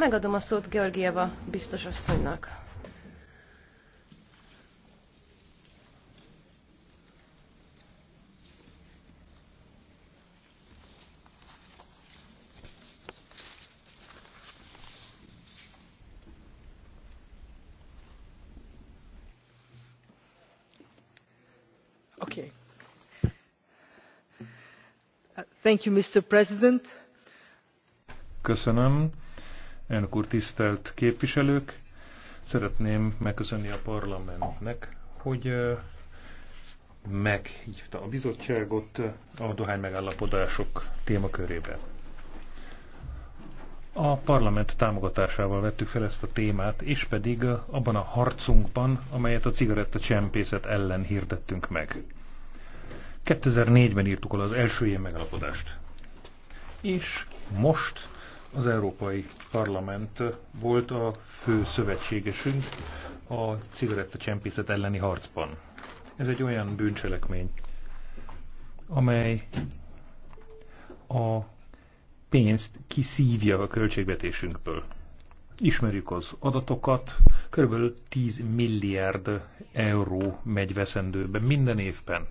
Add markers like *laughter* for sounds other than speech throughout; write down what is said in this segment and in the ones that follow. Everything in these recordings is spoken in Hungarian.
Megadom a szót Georgieva biztos asszonynak. Okay. Uh, thank you, Mr. President. Köszönöm. Elnök úr, tisztelt képviselők! Szeretném megköszönni a parlamentnek, hogy meghívta a bizottságot a dohány megállapodások témakörébe. A parlament támogatásával vettük fel ezt a témát, és pedig abban a harcunkban, amelyet a cigaretta csempészet ellen hirdettünk meg. 2004-ben írtuk el az első ilyen megállapodást. És most az Európai Parlament volt a fő szövetségesünk a cigarettacsempészet elleni harcban. Ez egy olyan bűncselekmény, amely a pénzt kiszívja a költségvetésünkből. Ismerjük az adatokat, körülbelül 10 milliárd euró megy veszendőbe minden évben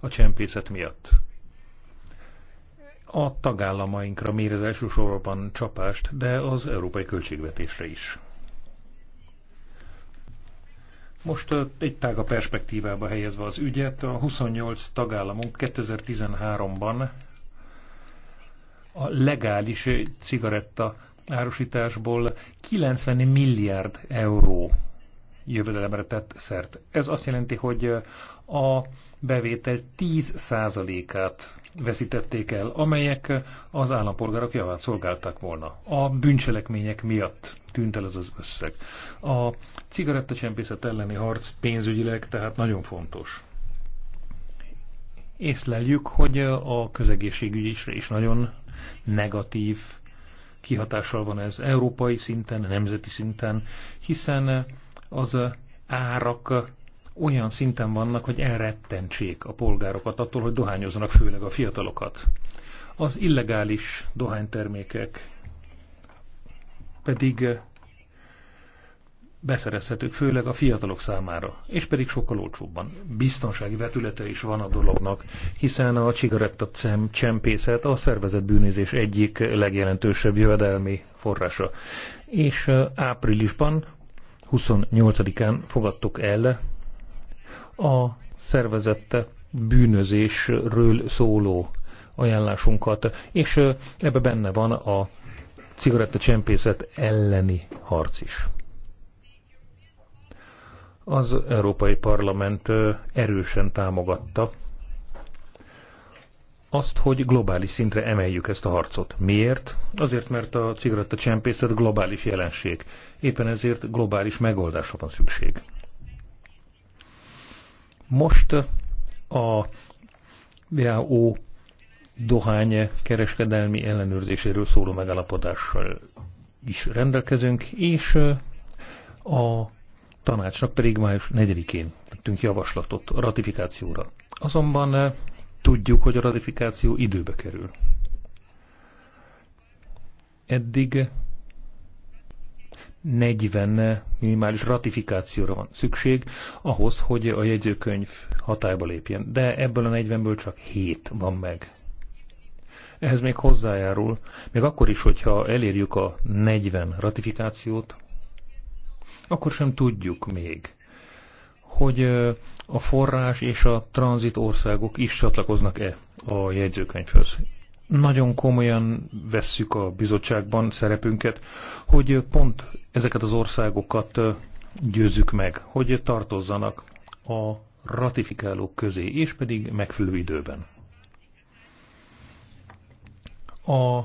a csempészet miatt a tagállamainkra mér az elsősorban csapást, de az európai költségvetésre is. Most egy tága perspektívába helyezve az ügyet, a 28 tagállamunk 2013-ban a legális cigaretta árusításból 90 milliárd euró jövedelemre tett szert. Ez azt jelenti, hogy a bevétel 10%-át veszítették el, amelyek az állampolgárok javát szolgálták volna. A bűncselekmények miatt tűnt el ez az összeg. A cigarettacsempészet elleni harc pénzügyileg tehát nagyon fontos. Észleljük, hogy a közegészségügyisre is nagyon negatív kihatással van ez európai szinten, nemzeti szinten, hiszen az árak olyan szinten vannak, hogy elrettentsék a polgárokat attól, hogy dohányoznak, főleg a fiatalokat. Az illegális dohánytermékek pedig eh, beszerezhetők, főleg a fiatalok számára, és pedig sokkal olcsóbban. Biztonsági vetülete is van a dolognak, hiszen a cigaretta csempészet a szervezetbűnözés egyik legjelentősebb jövedelmi forrása. És eh, áprilisban, 28-án fogadtuk el a szervezette bűnözésről szóló ajánlásunkat, és ebbe benne van a cigarettacsempészet elleni harc is. Az Európai Parlament erősen támogatta azt, hogy globális szintre emeljük ezt a harcot. Miért? Azért, mert a cigarettacsempészet globális jelenség. Éppen ezért globális megoldásra van szükség. Most a WHO dohány kereskedelmi ellenőrzéséről szóló megállapodással is rendelkezünk, és a tanácsnak pedig május 4-én tettünk javaslatot a ratifikációra. Azonban tudjuk, hogy a ratifikáció időbe kerül. Eddig 40 minimális ratifikációra van szükség ahhoz, hogy a jegyzőkönyv hatályba lépjen. De ebből a 40-ből csak 7 van meg. Ehhez még hozzájárul, még akkor is, hogyha elérjük a 40 ratifikációt, akkor sem tudjuk még, hogy a forrás és a tranzit országok is csatlakoznak-e a jegyzőkönyvhöz nagyon komolyan vesszük a bizottságban szerepünket, hogy pont ezeket az országokat győzzük meg, hogy tartozzanak a ratifikálók közé, és pedig megfelelő időben. A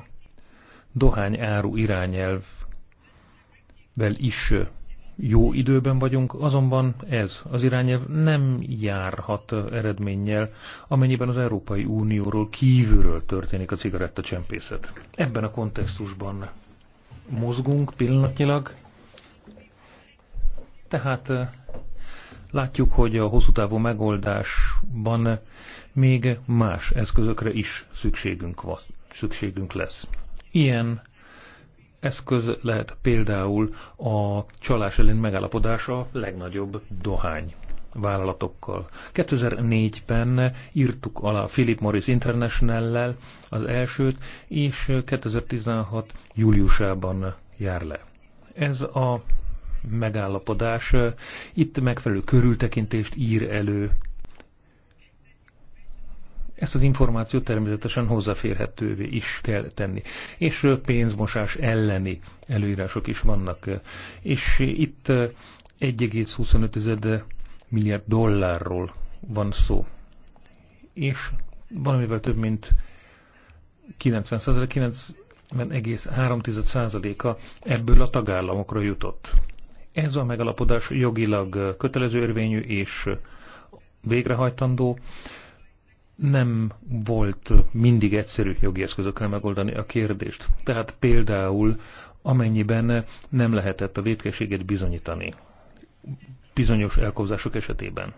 dohány áru irányelvvel is jó időben vagyunk, azonban ez az irányelv nem járhat eredménnyel, amennyiben az Európai Unióról kívülről történik a cigaretta csempészet. Ebben a kontextusban mozgunk pillanatnyilag, tehát eh, látjuk, hogy a hosszú távú megoldásban még más eszközökre is szükségünk, van, szükségünk lesz. Ilyen eszköz lehet például a csalás ellen megállapodása legnagyobb dohány vállalatokkal. 2004-ben írtuk alá Philip Morris International-lel az elsőt, és 2016 júliusában jár le. Ez a megállapodás eh, itt megfelelő körültekintést ír elő ezt az információt természetesen hozzáférhetővé is kell tenni. És pénzmosás elleni előírások is vannak. És itt 1,25 milliárd dollárról van szó. És valamivel több, mint 90 90,3%-a ebből a tagállamokra jutott. Ez a megalapodás jogilag kötelező érvényű és végrehajtandó, nem volt mindig egyszerű jogi eszközökkel megoldani a kérdést. Tehát például, amennyiben nem lehetett a védkességet bizonyítani bizonyos elkobzások esetében.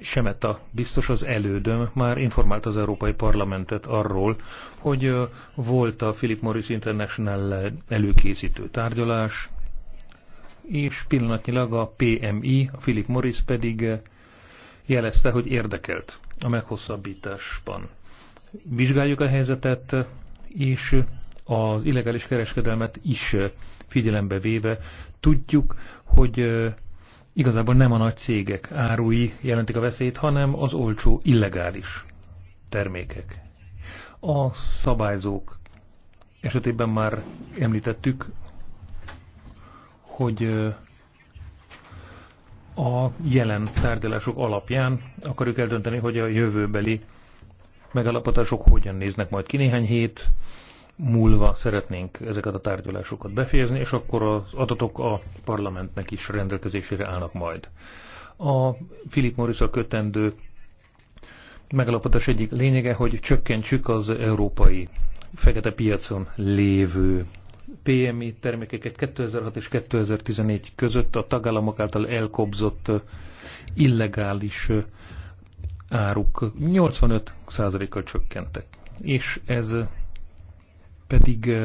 Semeta biztos az elődöm már informált az Európai Parlamentet arról, hogy volt a Philip Morris International előkészítő tárgyalás, és pillanatnyilag a PMI, a Philip Morris pedig eh, jelezte, hogy érdekelt a meghosszabbításban. Vizsgáljuk a helyzetet, és az illegális kereskedelmet is figyelembe véve tudjuk, hogy eh, igazából nem a nagy cégek árui jelentik a veszélyt, hanem az olcsó illegális termékek. A szabályzók esetében már említettük, hogy a jelen tárgyalások alapján akarjuk eldönteni, hogy a jövőbeli megalapotások hogyan néznek majd ki néhány hét múlva szeretnénk ezeket a tárgyalásokat befejezni, és akkor az adatok a parlamentnek is rendelkezésére állnak majd. A Philip morris kötendő megalapotás egyik lényege, hogy csökkentsük az európai fekete piacon lévő PMI termékeket 2006 és 2014 között a tagállamok által elkobzott illegális áruk 85%-kal csökkentek. És ez pedig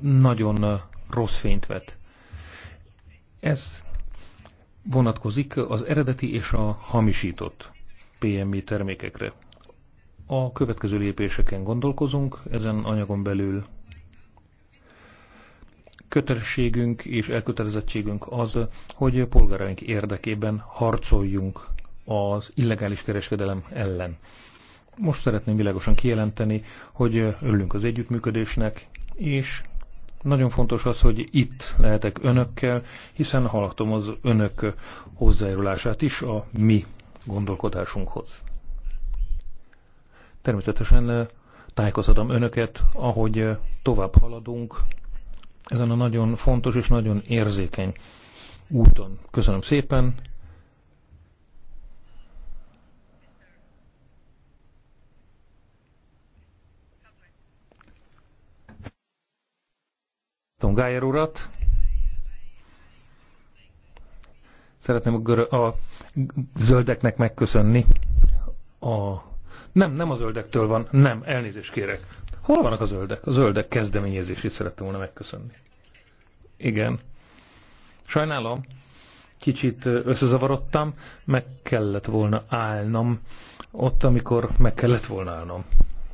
nagyon rossz fényt vet. Ez vonatkozik az eredeti és a hamisított PMI termékekre. A következő lépéseken gondolkozunk ezen anyagon belül kötelességünk és elkötelezettségünk az, hogy a polgáraink érdekében harcoljunk az illegális kereskedelem ellen. Most szeretném világosan kijelenteni, hogy örülünk az együttműködésnek, és nagyon fontos az, hogy itt lehetek önökkel, hiszen hallottam az önök hozzájárulását is a mi gondolkodásunkhoz. Természetesen tájékoztatom önöket, ahogy tovább haladunk ezen a nagyon fontos és nagyon érzékeny úton. Köszönöm szépen. Tom Gájer urat. Szeretném a, a zöldeknek megköszönni. A... Nem, nem a zöldektől van, nem, elnézést kérek. Hol vannak a zöldek? A zöldek kezdeményezését szerettem volna megköszönni. Igen. Sajnálom, kicsit összezavarodtam, meg kellett volna állnom ott, amikor meg kellett volna állnom.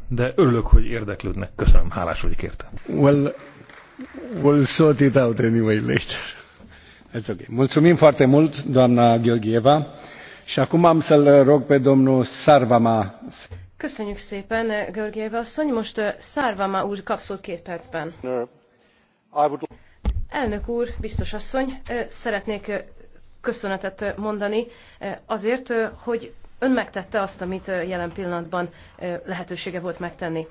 De örülök, hogy érdeklődnek. Köszönöm, hálás vagyok érte. Well, we'll sort it out anyway later. That's okay. Mulțumim foarte mult, doamna Gheorgheva. Și acum am să-l rog pe domnul Sarvama. Köszönjük szépen, Görgéve asszony. Most Szárvama úr kap két percben. Elnök úr, biztos asszony, szeretnék köszönetet mondani azért, hogy ön megtette azt, amit jelen pillanatban lehetősége volt megtenni.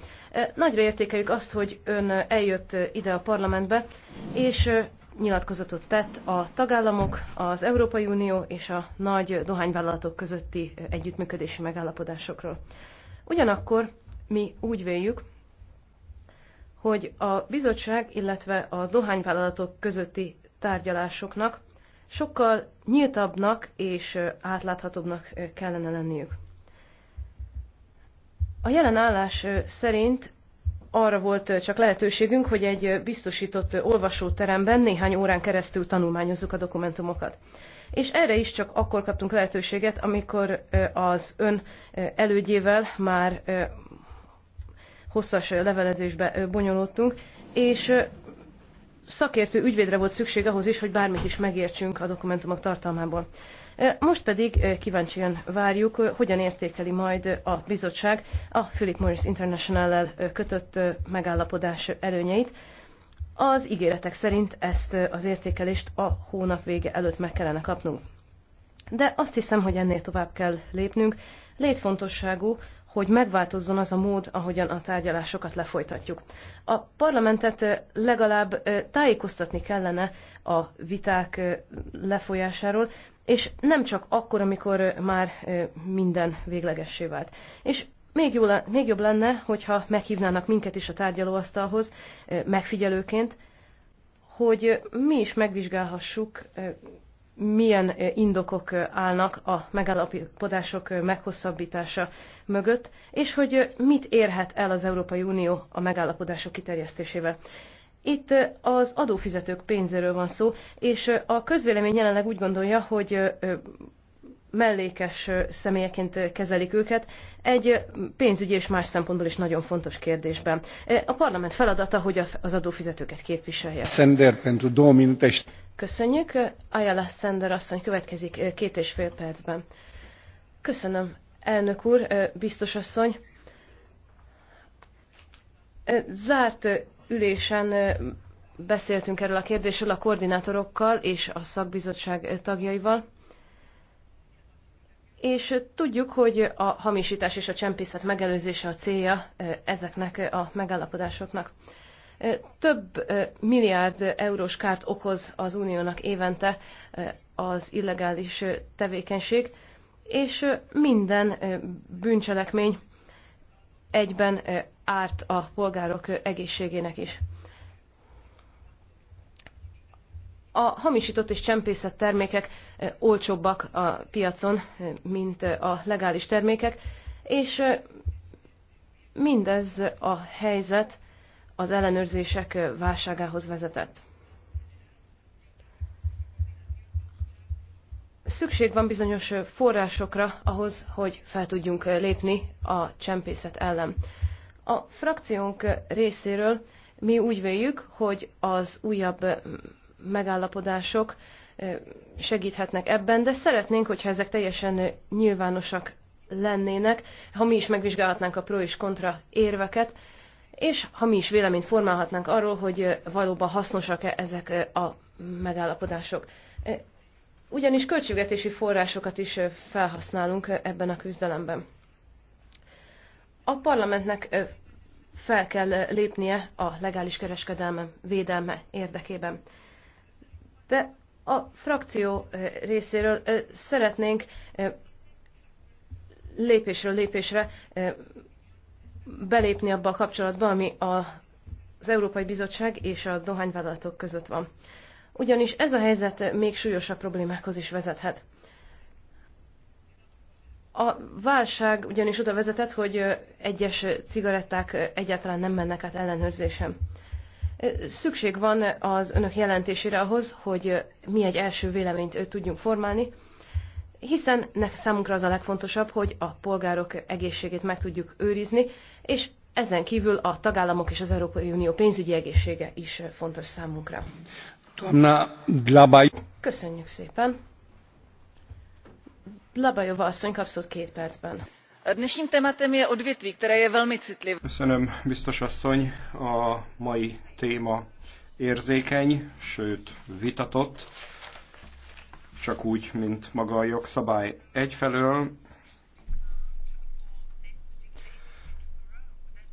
Nagyra értékeljük azt, hogy ön eljött ide a parlamentbe, és nyilatkozatot tett a tagállamok, az Európai Unió és a nagy dohányvállalatok közötti együttműködési megállapodásokról. Ugyanakkor mi úgy véljük, hogy a bizottság, illetve a dohányvállalatok közötti tárgyalásoknak sokkal nyíltabbnak és átláthatóbbnak kellene lenniük. A jelen állás szerint arra volt csak lehetőségünk, hogy egy biztosított olvasóteremben néhány órán keresztül tanulmányozzuk a dokumentumokat és erre is csak akkor kaptunk lehetőséget, amikor az ön elődjével már hosszas levelezésbe bonyolódtunk, és szakértő ügyvédre volt szükség ahhoz is, hogy bármit is megértsünk a dokumentumok tartalmából. Most pedig kíváncsian várjuk, hogyan értékeli majd a bizottság a Philip Morris International-lel kötött megállapodás előnyeit, az ígéretek szerint ezt az értékelést a hónap vége előtt meg kellene kapnunk. De azt hiszem, hogy ennél tovább kell lépnünk. Létfontosságú, hogy megváltozzon az a mód, ahogyan a tárgyalásokat lefolytatjuk. A parlamentet legalább tájékoztatni kellene a viták lefolyásáról, és nem csak akkor, amikor már minden véglegessé vált. És még, jó, még jobb lenne, hogyha meghívnának minket is a tárgyalóasztalhoz megfigyelőként, hogy mi is megvizsgálhassuk, milyen indokok állnak a megállapodások meghosszabbítása mögött, és hogy mit érhet el az Európai Unió a megállapodások kiterjesztésével. Itt az adófizetők pénzéről van szó, és a közvélemény jelenleg úgy gondolja, hogy mellékes személyeként kezelik őket, egy pénzügyi és más szempontból is nagyon fontos kérdésben. A parlament feladata, hogy az adófizetőket képviselje. Sender, pentru două minute. Köszönjük. Ayala Sender asszony következik két és fél percben. Köszönöm, elnök úr, biztos asszony. Zárt ülésen beszéltünk erről a kérdésről a koordinátorokkal és a szakbizottság tagjaival és tudjuk, hogy a hamisítás és a csempészet megelőzése a célja ezeknek a megállapodásoknak. Több milliárd eurós kárt okoz az uniónak évente az illegális tevékenység, és minden bűncselekmény egyben árt a polgárok egészségének is. a hamisított és csempészett termékek olcsóbbak a piacon, mint a legális termékek, és mindez a helyzet az ellenőrzések válságához vezetett. Szükség van bizonyos forrásokra ahhoz, hogy fel tudjunk lépni a csempészet ellen. A frakciónk részéről mi úgy véljük, hogy az újabb megállapodások segíthetnek ebben, de szeretnénk, hogyha ezek teljesen nyilvánosak lennének, ha mi is megvizsgálhatnánk a pro és kontra érveket, és ha mi is véleményt formálhatnánk arról, hogy valóban hasznosak-e ezek a megállapodások. Ugyanis költségvetési forrásokat is felhasználunk ebben a küzdelemben. A parlamentnek fel kell lépnie a legális kereskedelme védelme érdekében de a frakció részéről szeretnénk lépésről lépésre belépni abba a kapcsolatba, ami az Európai Bizottság és a dohányvállalatok között van. Ugyanis ez a helyzet még súlyosabb problémákhoz is vezethet. A válság ugyanis oda vezetett, hogy egyes cigaretták egyáltalán nem mennek át ellenőrzésem. Szükség van az önök jelentésére ahhoz, hogy mi egy első véleményt tudjunk formálni, hiszen számunkra az a legfontosabb, hogy a polgárok egészségét meg tudjuk őrizni, és ezen kívül a tagállamok és az Európai Unió pénzügyi egészsége is fontos számunkra. Na, Köszönjük szépen. Labajova asszony kapszott két percben dnešním tématem je odvětví, které je velmi citlivé. Köszönöm, biztos asszony, a mai téma érzékeny, sőt vitatott, csak úgy, mint maga a jogszabály. Egyfelől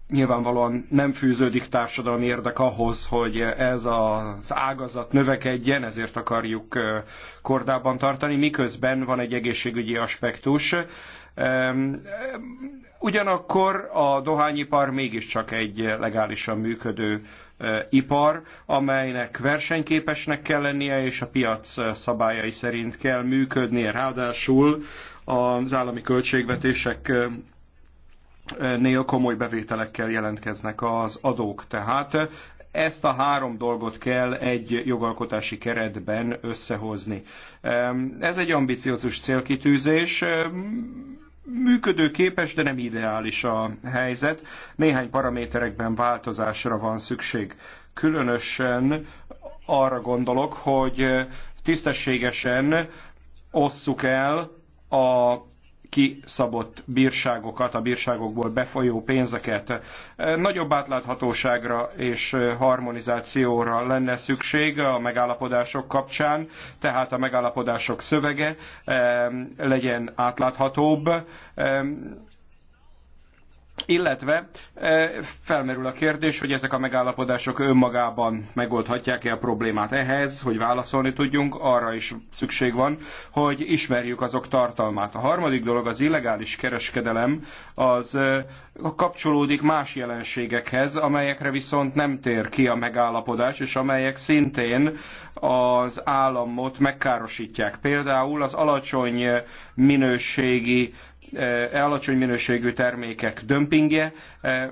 nyilvánvalóan nem fűződik társadalmi érdek ahhoz, hogy ez az ágazat növekedjen, ezért akarjuk kordában tartani, miközben van egy egészségügyi aspektus, Ugyanakkor a dohányipar mégiscsak egy legálisan működő e, ipar, amelynek versenyképesnek kell lennie, és a piac e, szabályai szerint kell működnie. Ráadásul az állami költségvetések e, nél komoly bevételekkel jelentkeznek az adók. Tehát ezt a három dolgot kell egy jogalkotási keretben összehozni. Ez egy ambiciózus célkitűzés, működőképes, de nem ideális a helyzet. Néhány paraméterekben változásra van szükség. Különösen arra gondolok, hogy tisztességesen osszuk el a kiszabott bírságokat, a bírságokból befolyó pénzeket. Nagyobb átláthatóságra és harmonizációra lenne szükség a megállapodások kapcsán, tehát a megállapodások szövege ehm, legyen átláthatóbb, ehm, illetve e, felmerül a kérdés, hogy ezek a megállapodások önmagában megoldhatják-e a problémát ehhez, hogy válaszolni tudjunk, arra is szükség van, hogy ismerjük azok tartalmát. A harmadik dolog az illegális kereskedelem, az e, kapcsolódik más jelenségekhez, amelyekre viszont nem tér ki a megállapodás, és amelyek szintén az államot megkárosítják. Például az alacsony minőségi Eh, alacsony minőségű termékek dömpingje, eh,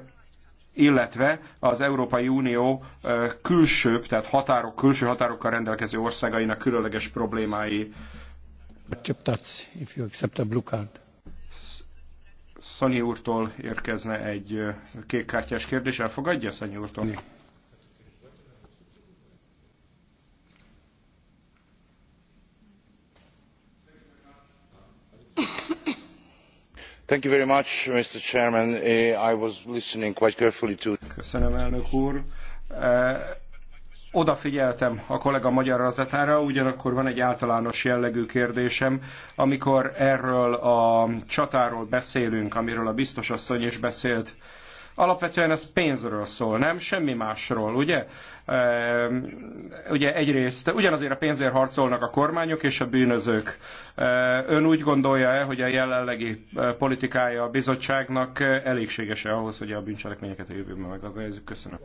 illetve az Európai Unió eh, külső, tehát határok, külső határokkal rendelkező országainak különleges problémái. Acceptatsz, if you accept a blue card. Szanyi úrtól érkezne egy kék kártyás kérdés, elfogadja Szanyi úrtól? Köszönöm, eh, Odafigyeltem a kollega magyarázatára, ugyanakkor van egy általános jellegű kérdésem. Amikor erről a csatáról beszélünk, amiről a biztos asszony is beszélt, Alapvetően ez pénzről szól, nem semmi másról, ugye? Ehm, ugye egyrészt ugyanazért a pénzért harcolnak a kormányok és a bűnözők. Ehm, ön úgy gondolja-e, hogy a jelenlegi e, politikája a bizottságnak e, elégséges-e ahhoz, hogy a bűncselekményeket a jövőben megakadályozzuk? Köszönöm.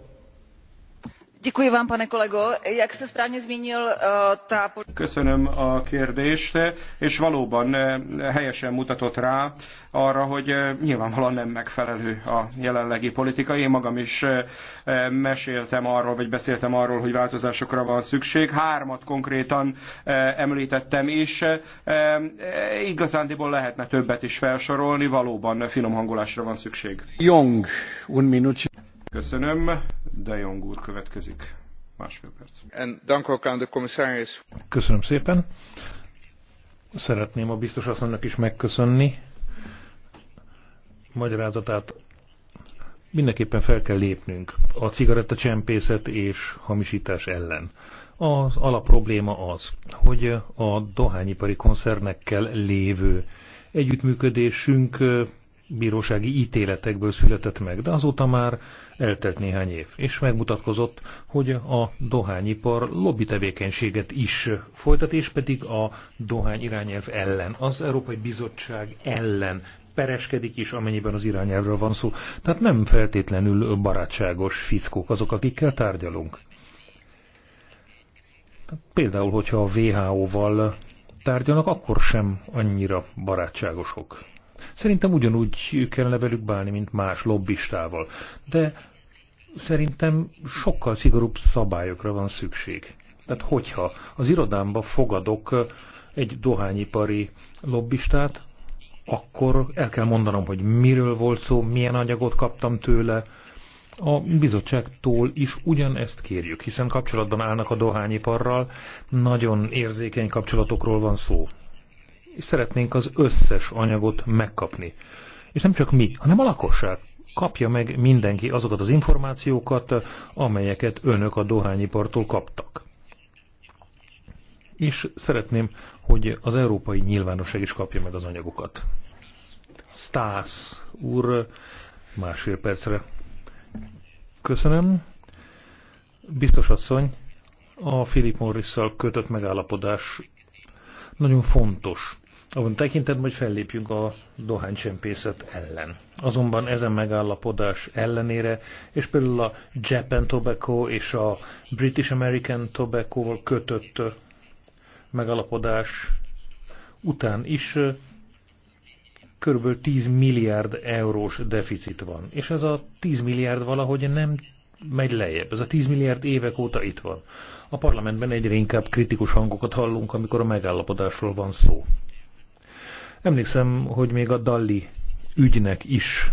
Eh, Köszönöm a kérdést, és valóban eh, helyesen mutatott rá arra, hogy eh, nyilvánvalóan nem megfelelő a jelenlegi politika. Én magam is meséltem arról, vagy beszéltem arról, hogy változásokra van szükség. Hármat konkrétan említettem is. Igazándiból lehetne többet is felsorolni, valóban finom hangolásra van szükség. Jong, un minut. Köszönöm. De Jong úr következik. Másfél perc. Köszönöm szépen. Szeretném a biztos asszonynak is megköszönni magyarázatát. Mindenképpen fel kell lépnünk a cigarettacsempészet és hamisítás ellen. Az alapprobléma az, hogy a dohányipari koncernekkel lévő együttműködésünk bírósági ítéletekből született meg, de azóta már eltelt néhány év, és megmutatkozott, hogy a dohányipar lobby tevékenységet is folytat, és pedig a dohány irányelv ellen, az Európai Bizottság ellen pereskedik is, amennyiben az irányelvről van szó. Tehát nem feltétlenül barátságos fickók azok, akikkel tárgyalunk. Például, hogyha a WHO-val tárgyalnak, akkor sem annyira barátságosok. Szerintem ugyanúgy kellene velük bánni, mint más lobbistával. De szerintem sokkal szigorúbb szabályokra van szükség. Tehát hogyha az irodámba fogadok egy dohányipari lobbistát, akkor el kell mondanom, hogy miről volt szó, milyen anyagot kaptam tőle. A bizottságtól is ugyanezt kérjük, hiszen kapcsolatban állnak a dohányiparral, nagyon érzékeny kapcsolatokról van szó és szeretnénk az összes anyagot megkapni. És nem csak mi, hanem a lakosság. Kapja meg mindenki azokat az információkat, amelyeket önök a dohányipartól kaptak. És szeretném, hogy az európai nyilvánosság is kapja meg az anyagokat. Stász úr, másfél percre. Köszönöm. Biztos asszony, a Philip Morrisszal kötött megállapodás nagyon fontos abban tekintetben, hogy fellépjünk a dohánycsempészet ellen. Azonban ezen megállapodás ellenére, és például a Japan Tobacco és a British American tobacco kötött megállapodás után is körülbelül 10 milliárd eurós deficit van. És ez a 10 milliárd valahogy nem megy lejjebb. Ez a 10 milliárd évek óta itt van. A parlamentben egyre inkább kritikus hangokat hallunk, amikor a megállapodásról van szó. Emlékszem, hogy még a Dalli ügynek is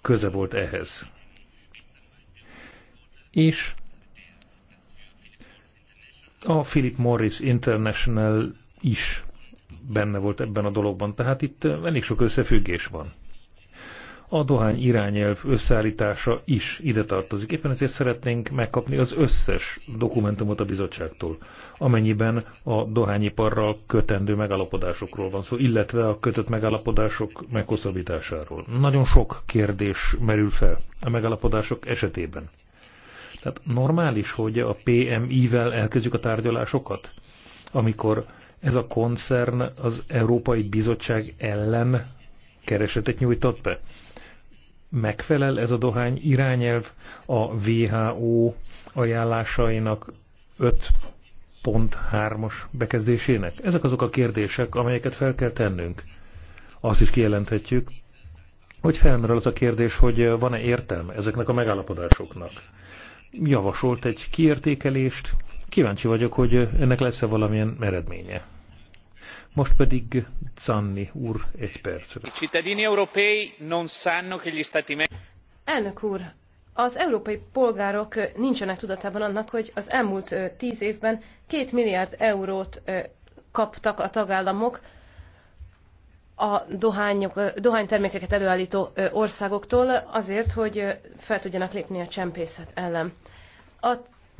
köze volt ehhez. És a Philip Morris International is benne volt ebben a dologban, tehát itt eh, elég sok összefüggés van a dohány irányelv összeállítása is ide tartozik. Éppen ezért szeretnénk megkapni az összes dokumentumot a bizottságtól, amennyiben a dohányiparral kötendő megalapodásokról van szó, illetve a kötött megalapodások meghosszabbításáról. Nagyon sok kérdés merül fel a megalapodások esetében. Tehát normális, hogy a PMI-vel elkezdjük a tárgyalásokat, amikor ez a koncern az Európai Bizottság ellen keresetet nyújtott be megfelel ez a dohány irányelv a WHO ajánlásainak 5.3-as bekezdésének? Ezek azok a kérdések, amelyeket fel kell tennünk. Azt is kijelenthetjük, hogy felmerül az a kérdés, hogy van-e értelme ezeknek a megállapodásoknak. Javasolt egy kiértékelést, kíváncsi vagyok, hogy ennek lesz-e valamilyen eredménye. Most pedig Zanni úr egy percre. I cittadini europei non sanno che gli stati membri... Elnök úr, az európai polgárok nincsenek tudatában annak, hogy az elmúlt tíz évben két milliárd eurót kaptak a tagállamok a dohányok, dohánytermékeket előállító országoktól azért, hogy fel tudjanak lépni a csempészet ellen. A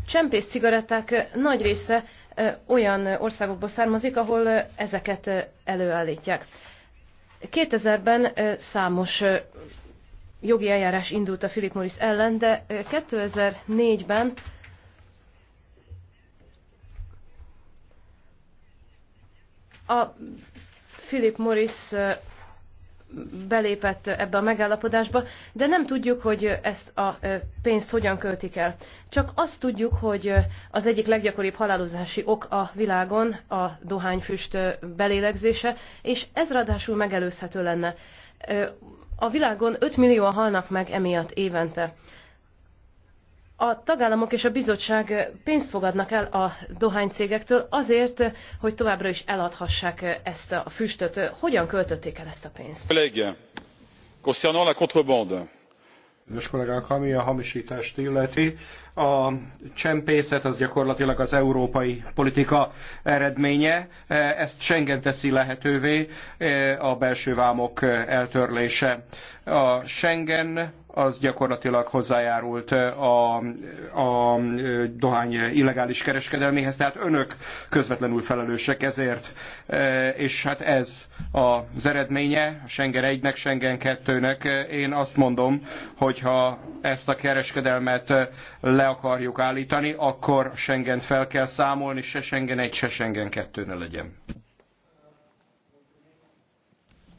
csempész cigaretták nagy része olyan országokból származik, ahol ezeket előállítják. 2000-ben számos jogi eljárás indult a Philip Morris ellen, de 2004-ben a Philip Morris belépett ebbe a megállapodásba, de nem tudjuk, hogy ezt a pénzt hogyan költik el. Csak azt tudjuk, hogy az egyik leggyakoribb halálozási ok a világon a dohányfüst belélegzése, és ez ráadásul megelőzhető lenne. A világon 5 millióan halnak meg emiatt évente a tagállamok és a bizottság pénzt fogadnak el a dohánycégektől azért, hogy továbbra is eladhassák ezt a füstöt. Hogyan költötték el ezt a pénzt? Kollégien, concernant la contrebande. Kedves kollégák, ami a hamisítást illeti, a csempészet az gyakorlatilag az európai politika eredménye. Ezt Schengen teszi lehetővé a belső vámok eltörlése. A Schengen az gyakorlatilag hozzájárult a, a dohány illegális kereskedelméhez, tehát önök közvetlenül felelősek ezért, és hát ez az eredménye, Schengen 1-nek, Schengen 2-nek. Én azt mondom, hogy ha ezt a kereskedelmet le akarjuk állítani, akkor Schengent fel kell számolni, se Schengen 1, se Schengen 2 ne legyen.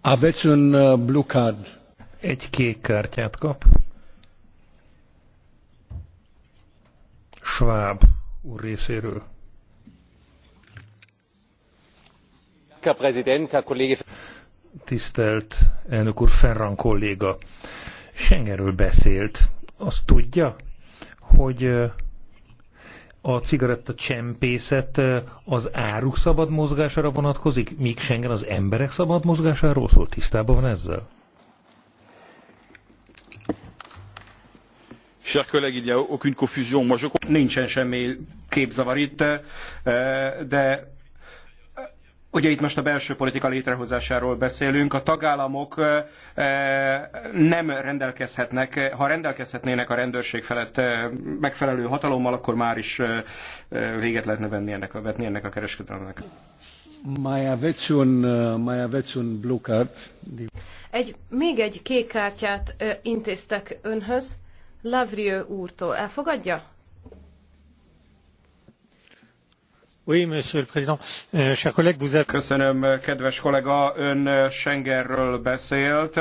Aveți un blue egy kék kártyát kap. Schwab úr részéről. Tisztelt elnök úr, Ferran kolléga, Schengenről beszélt. Azt tudja, hogy a cigaretta csempészet az áruk szabad mozgására vonatkozik, míg Schengen az emberek szabad mozgásáról szól. Tisztában van ezzel? Nincsen semmi képzavar itt, eh, de eh, Ugye itt most a belső politika létrehozásáról beszélünk, a tagállamok eh, nem rendelkezhetnek, ha rendelkezhetnének a rendőrség felett megfelelő hatalommal, akkor már is véget lehetne venni ennek, vetni ennek a kereskedelemnek. Egy, még egy kék kártyát intéztek önhöz. Lavrieux úrtól. Elfogadja? Euh, Köszönöm, kedves kollega, ön euh, Schengenről beszélt,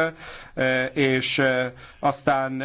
euh, és aztán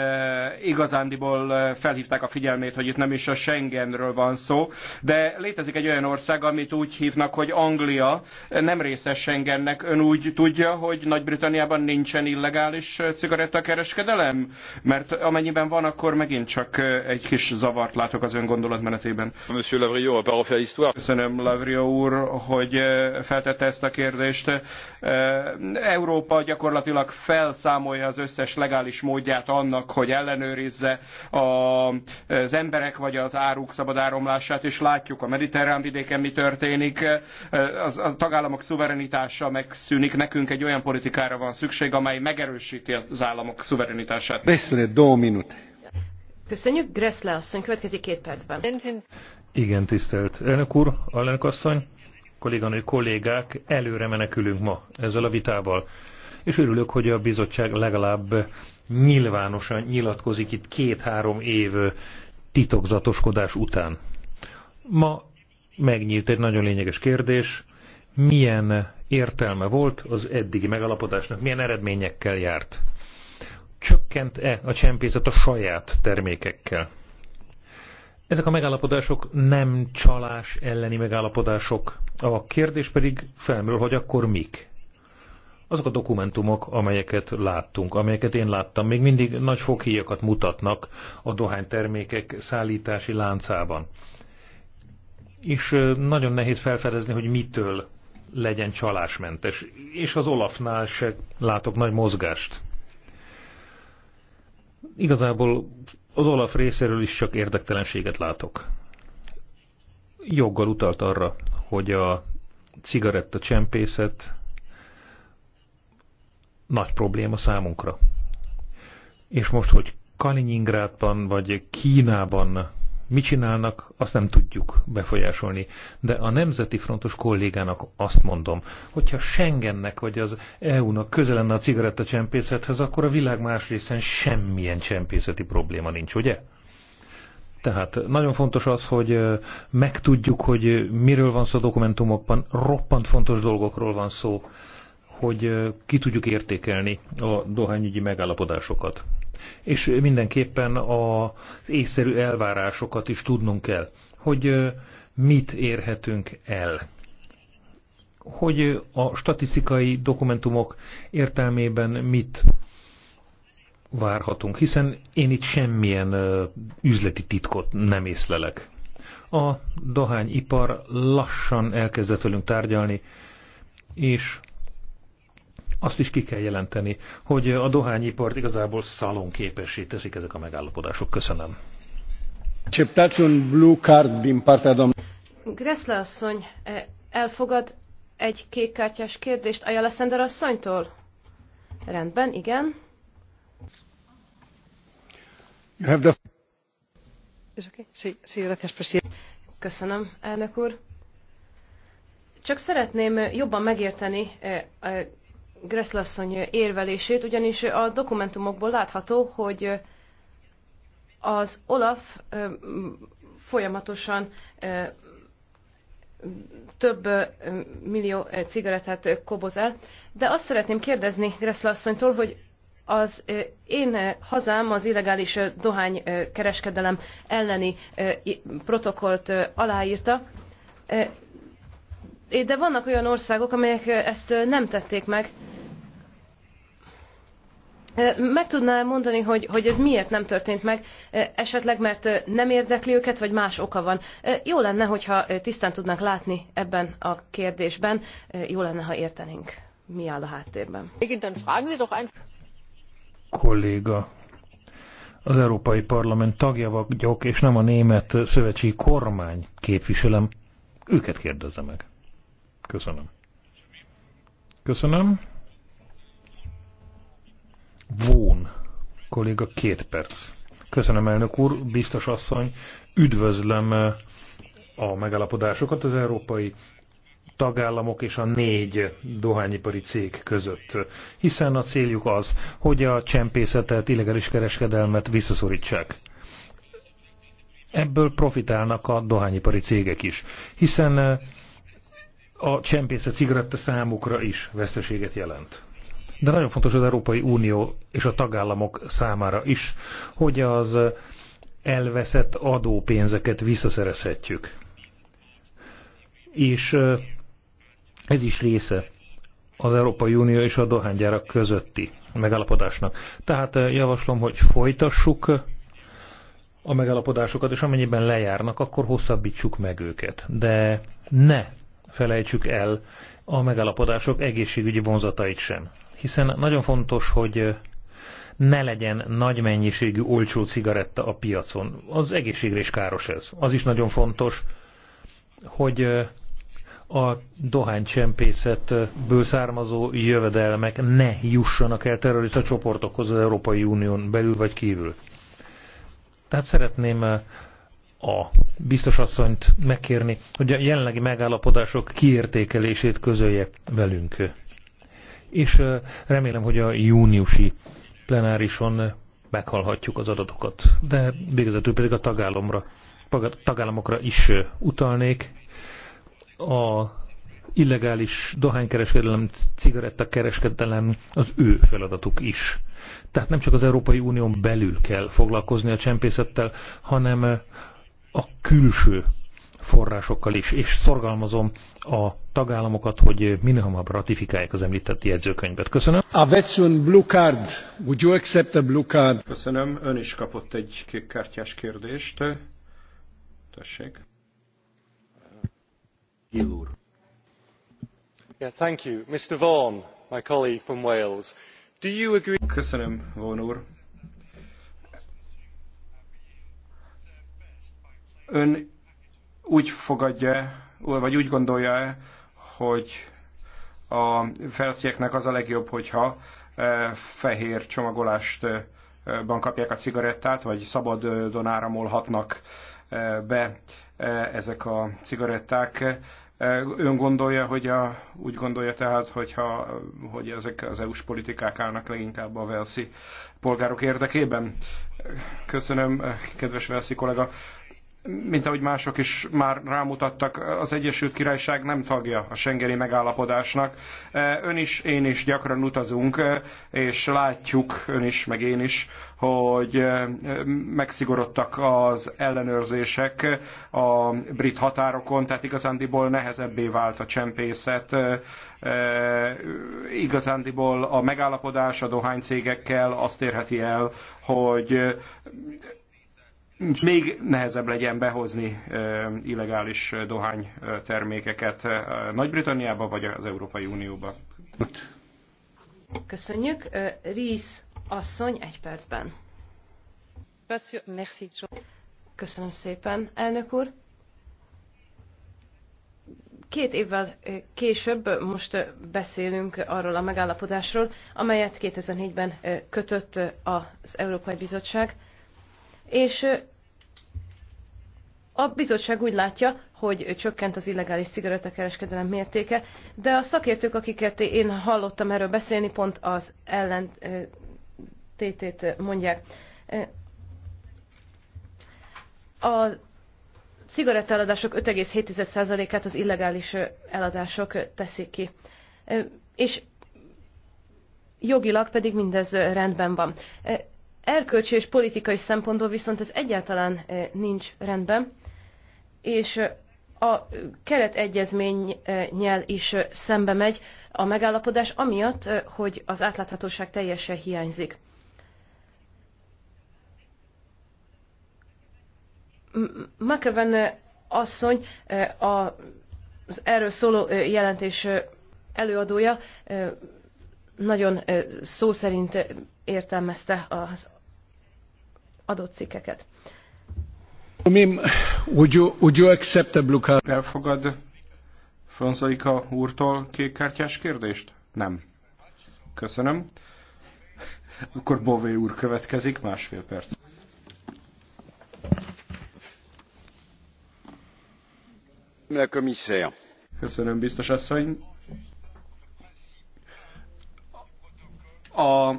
igazándiból felhívták a figyelmét, hogy itt nem is a Schengenről van szó, de létezik egy olyan ország, amit úgy hívnak, hogy Anglia nem része Schengennek. Ön úgy tudja, hogy Nagy-Britanniában nincsen illegális cigarettakereskedelem? Mert amennyiben van, akkor megint csak egy kis zavart látok az ön gondolatmenetében. Monsieur Lavrio, a Köszönöm köszönöm Lavrio úr, hogy eh, feltette ezt a kérdést. Eh, Európa gyakorlatilag felszámolja az összes legális módját annak, hogy ellenőrizze az emberek vagy az áruk szabad áramlását, és látjuk a mediterrán vidéken mi történik. Eh, a tagállamok szuverenitása megszűnik, nekünk egy olyan politikára van szükség, amely megerősíti az államok szuverenitását. Beszél, minut. Köszönjük, Gressle asszony, következik két percben. Igen, tisztelt elnök úr, alelnök asszony, kolléganő kollégák, előre menekülünk ma ezzel a vitával. És örülök, hogy a bizottság legalább nyilvánosan nyilatkozik itt két-három év titokzatoskodás után. Ma megnyílt egy nagyon lényeges kérdés, milyen értelme volt az eddigi megalapodásnak, milyen eredményekkel járt. Csökkent-e a csempészet a saját termékekkel? Ezek a megállapodások nem csalás elleni megállapodások. A kérdés pedig felmerül, hogy akkor mik? Azok a dokumentumok, amelyeket láttunk, amelyeket én láttam, még mindig nagy fokhíjakat mutatnak a dohánytermékek szállítási láncában. És nagyon nehéz felfedezni, hogy mitől legyen csalásmentes. És az Olafnál se látok nagy mozgást igazából az Olaf részéről is csak érdektelenséget látok. Joggal utalt arra, hogy a cigaretta csempészet nagy probléma számunkra. És most, hogy Kaliningrádban vagy Kínában mit csinálnak, azt nem tudjuk befolyásolni. De a Nemzeti Frontos kollégának azt mondom, hogyha Schengennek vagy az EU-nak közel lenne a csempészethez, akkor a világ más részen semmilyen csempészeti probléma nincs, ugye? Tehát nagyon fontos az, hogy megtudjuk, hogy miről van szó a dokumentumokban, roppant fontos dolgokról van szó hogy ki tudjuk értékelni a dohányügyi megállapodásokat. És mindenképpen az észszerű elvárásokat is tudnunk kell, hogy mit érhetünk el. Hogy a statisztikai dokumentumok értelmében mit várhatunk, hiszen én itt semmilyen üzleti titkot nem észlelek. A dohányipar lassan elkezdett velünk tárgyalni, és azt is ki kell jelenteni, hogy a dohányipart igazából szalonképessé teszik ezek a megállapodások. Köszönöm. Acceptați blue card din partea asszony, e, elfogad egy kékkártyás kérdést Ajala Szender asszonytól? Rendben, igen. You have the... Köszönöm, elnök úr. Csak szeretném jobban megérteni e, e, Greszlasszony érvelését, ugyanis a dokumentumokból látható, hogy az Olaf folyamatosan több millió cigarettát koboz el, de azt szeretném kérdezni Greszlasszonytól, hogy az én hazám az illegális dohánykereskedelem elleni protokollt aláírta, de vannak olyan országok, amelyek ezt nem tették meg. Meg tudná mondani, hogy, hogy ez miért nem történt meg? Esetleg mert nem érdekli őket, vagy más oka van? Jó lenne, hogyha tisztán tudnak látni ebben a kérdésben, jó lenne, ha értenénk, mi áll a háttérben. Kolléga, az Európai Parlament tagja vagyok, és nem a német szövetségi kormány képviselem. Őket kérdezze meg. Köszönöm. Köszönöm. Vón kolléga két perc. Köszönöm, elnök úr, biztos asszony, üdvözlöm eh, a megállapodásokat az európai tagállamok és a négy dohányipari cég között, hiszen a céljuk az, hogy a csempészetet, illegális kereskedelmet visszaszorítsák. Ebből profitálnak a dohányipari cégek is, hiszen eh, a csempészet cigaretta számukra is veszteséget jelent de nagyon fontos az Európai Unió és a tagállamok számára is, hogy az elveszett adópénzeket visszaszerezhetjük. És ez is része az Európai Unió és a dohánygyárak közötti megállapodásnak. Tehát javaslom, hogy folytassuk a megállapodásokat, és amennyiben lejárnak, akkor hosszabbítsuk meg őket. De ne felejtsük el, a megállapodások egészségügyi vonzatait sem. Hiszen nagyon fontos, hogy ne legyen nagy mennyiségű olcsó cigaretta a piacon. Az egészségre is káros ez. Az is nagyon fontos, hogy a dohánycsempészetből származó jövedelmek ne jussanak el terrorista csoportokhoz az Európai Unión belül vagy kívül. Tehát szeretném a biztosasszonyt megkérni, hogy a jelenlegi megállapodások kiértékelését közölje velünk. És remélem, hogy a júniusi plenárison meghallhatjuk az adatokat. De végezetül pedig a tagállamra, tagállamokra is utalnék. A illegális dohánykereskedelem, cigarettakereskedelem az ő feladatuk is. Tehát nem csak az Európai Unión belül kell foglalkozni a csempészettel, hanem a külső forrásokkal is, és szorgalmazom a tagállamokat, hogy minél hamarabb ratifikálják az említett jegyzőkönyvet. Köszönöm. Aveți blue card. Would you accept a blue card? Köszönöm. Ön is kapott egy kékkártyás kérdést. Tessék. Hill Yeah, thank you. Mr. Vaughan, my colleague from Wales. Do you agree... Köszönöm, Vaughan úr Ön úgy fogadja, vagy úgy gondolja, hogy a felszieknek az a legjobb, hogyha e, fehér csomagolást e, ban kapják a cigarettát, vagy szabadon e, áramolhatnak be ezek a cigaretták. Ön gondolja, hogy a, úgy gondolja tehát, hogyha, hogy ezek az EU-s politikák állnak leginkább a Velszi polgárok érdekében? Köszönöm, kedves Velszi kollega mint ahogy mások is már rámutattak, az Egyesült Királyság nem tagja a Schengeni megállapodásnak. E, ön is, én is gyakran utazunk, e, és látjuk, ön is, meg én is, hogy e, megszigorodtak az ellenőrzések a brit határokon, tehát igazándiból nehezebbé vált a csempészet. Igazándiból a megállapodás a dohánycégekkel azt érheti el, hogy még nehezebb legyen behozni illegális dohánytermékeket Nagy-Britanniába vagy az Európai Unióba. Köszönjük. Rísz asszony egy percben. Köszönöm szépen, elnök úr. Két évvel később most beszélünk arról a megállapodásról, amelyet 2004-ben kötött az Európai Bizottság és a bizottság úgy látja, hogy csökkent az illegális cigarettakereskedelem mértéke, de a szakértők, akiket én hallottam erről beszélni, pont az ellentétét mondják. A cigarettaeladások 5,7%-át az illegális eladások teszik ki. És jogilag pedig mindez rendben van. Erkölcsi és politikai szempontból viszont ez egyáltalán eh, nincs rendben, és eh, a eh, keretegyezménynyel is szembe megy a megállapodás, amiatt, hogy az átláthatóság teljesen hiányzik. McEwen asszony az erről szóló jelentés előadója nagyon szó szerint értelmezte az adott cikkeket. Mim, would you, would you accept a blue card? Elfogad Franzaika úrtól kékkártyás kérdést? Nem. Köszönöm. Akkor Bové úr következik, másfél perc. La commissaire. Köszönöm, biztos asszony. A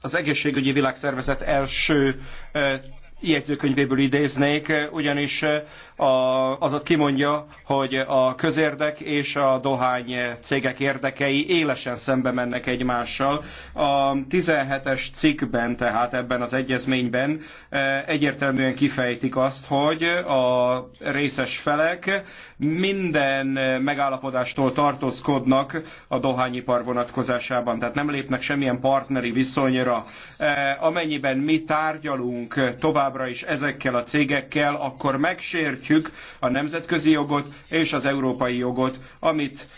az egészségügyi világszervezet első eh, jegyzőkönyvéből idéznék, eh, ugyanis eh, a, azaz kimondja, hogy a közérdek és a dohány cégek érdekei élesen szembe mennek egymással. A 17-es cikkben, tehát ebben az egyezményben e, egyértelműen kifejtik azt, hogy a részes felek minden megállapodástól tartózkodnak a dohányipar vonatkozásában, tehát nem lépnek semmilyen partneri viszonyra. E, amennyiben mi tárgyalunk továbbra is ezekkel a cégekkel, akkor megsértjük összekötjük a nemzetközi jogot és az európai jogot, amit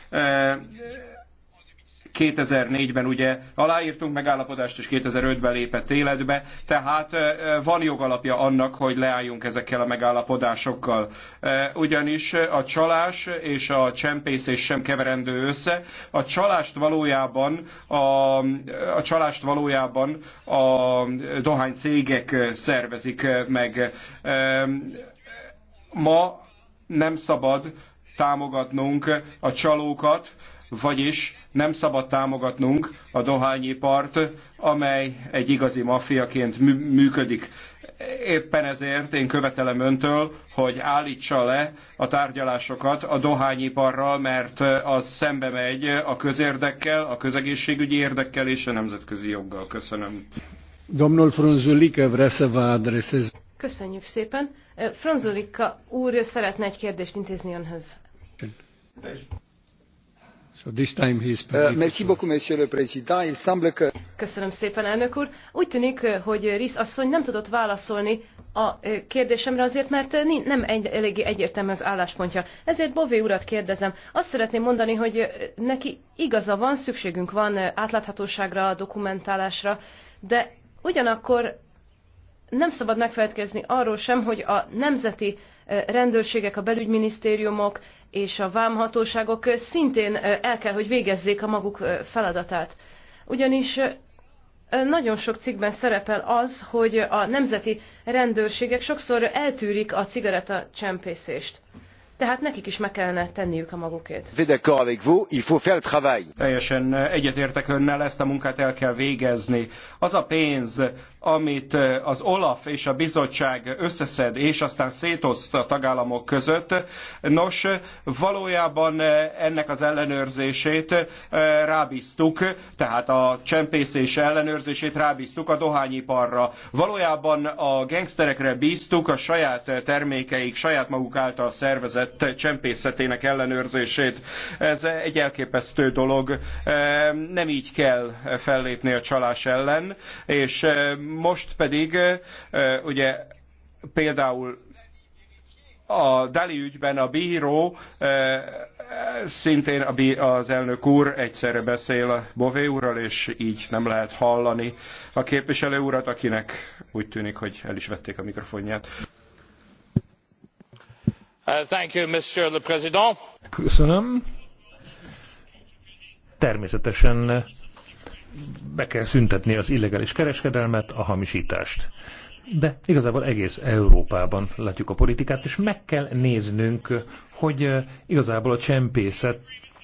2004-ben eh, ugye aláírtunk megállapodást, és 2005-ben lépett életbe, tehát eh, van jogalapja annak, hogy leálljunk ezekkel a megállapodásokkal. Eh, ugyanis a csalás és a csempészés sem keverendő össze. A csalást valójában a, a csalást valójában a dohány cégek szervezik meg Ma nem szabad támogatnunk a csalókat, vagyis nem szabad támogatnunk a dohányipart, amely egy igazi maffiaként működik. Éppen ezért én követelem öntől, hogy állítsa le a tárgyalásokat a dohányiparral, mert az szembe megy a közérdekkel, a közegészségügyi érdekkel és a nemzetközi joggal. Köszönöm. Domnul Köszönjük szépen. Franzolika úr szeretne egy kérdést intézni önhöz. So this time he is Merci beaucoup, monsieur le président. Il semble que... Köszönöm szépen, elnök úr. Úgy tűnik, hogy Risz asszony nem tudott válaszolni a kérdésemre azért, mert nem egy, eléggé egyértelmű az álláspontja. Ezért Bové urat kérdezem. Azt szeretném mondani, hogy neki igaza van, szükségünk van átláthatóságra, dokumentálásra, de ugyanakkor nem szabad megfelelkezni arról sem, hogy a nemzeti eh, rendőrségek, a belügyminisztériumok és a vámhatóságok eh, szintén eh, el kell, hogy végezzék a maguk feladatát. Ugyanis nagyon sok cikkben szerepel az, hogy a nemzeti rendőrségek sokszor eltűrik a cigarettacsempészést. csempészést. Tehát nekik is meg kellene tenniük a magukét. Teljesen egyetértek önnel, ezt a munkát el kell végezni. Az a pénz, amit az Olaf és a bizottság összeszed, és aztán szétoszt a tagállamok között, nos, valójában ennek az ellenőrzését eh, rábíztuk, tehát a csempészés ellenőrzését rábíztuk a dohányiparra. Valójában a gengszterekre bíztuk a saját termékeik, saját maguk által szervezett szervezett csempészetének ellenőrzését. Ez egy elképesztő dolog. Nem így kell fellépni a csalás ellen, és most pedig ugye például a Dali ügyben a bíró, szintén az elnök úr egyszerre beszél a Bové úrral, és így nem lehet hallani a képviselő urat, akinek úgy tűnik, hogy el is vették a mikrofonját. Uh, Köszönöm. Természetesen be kell szüntetni az illegális kereskedelmet, a hamisítást. De igazából egész Európában látjuk a politikát, és meg kell néznünk, hogy uh, igazából a csempészet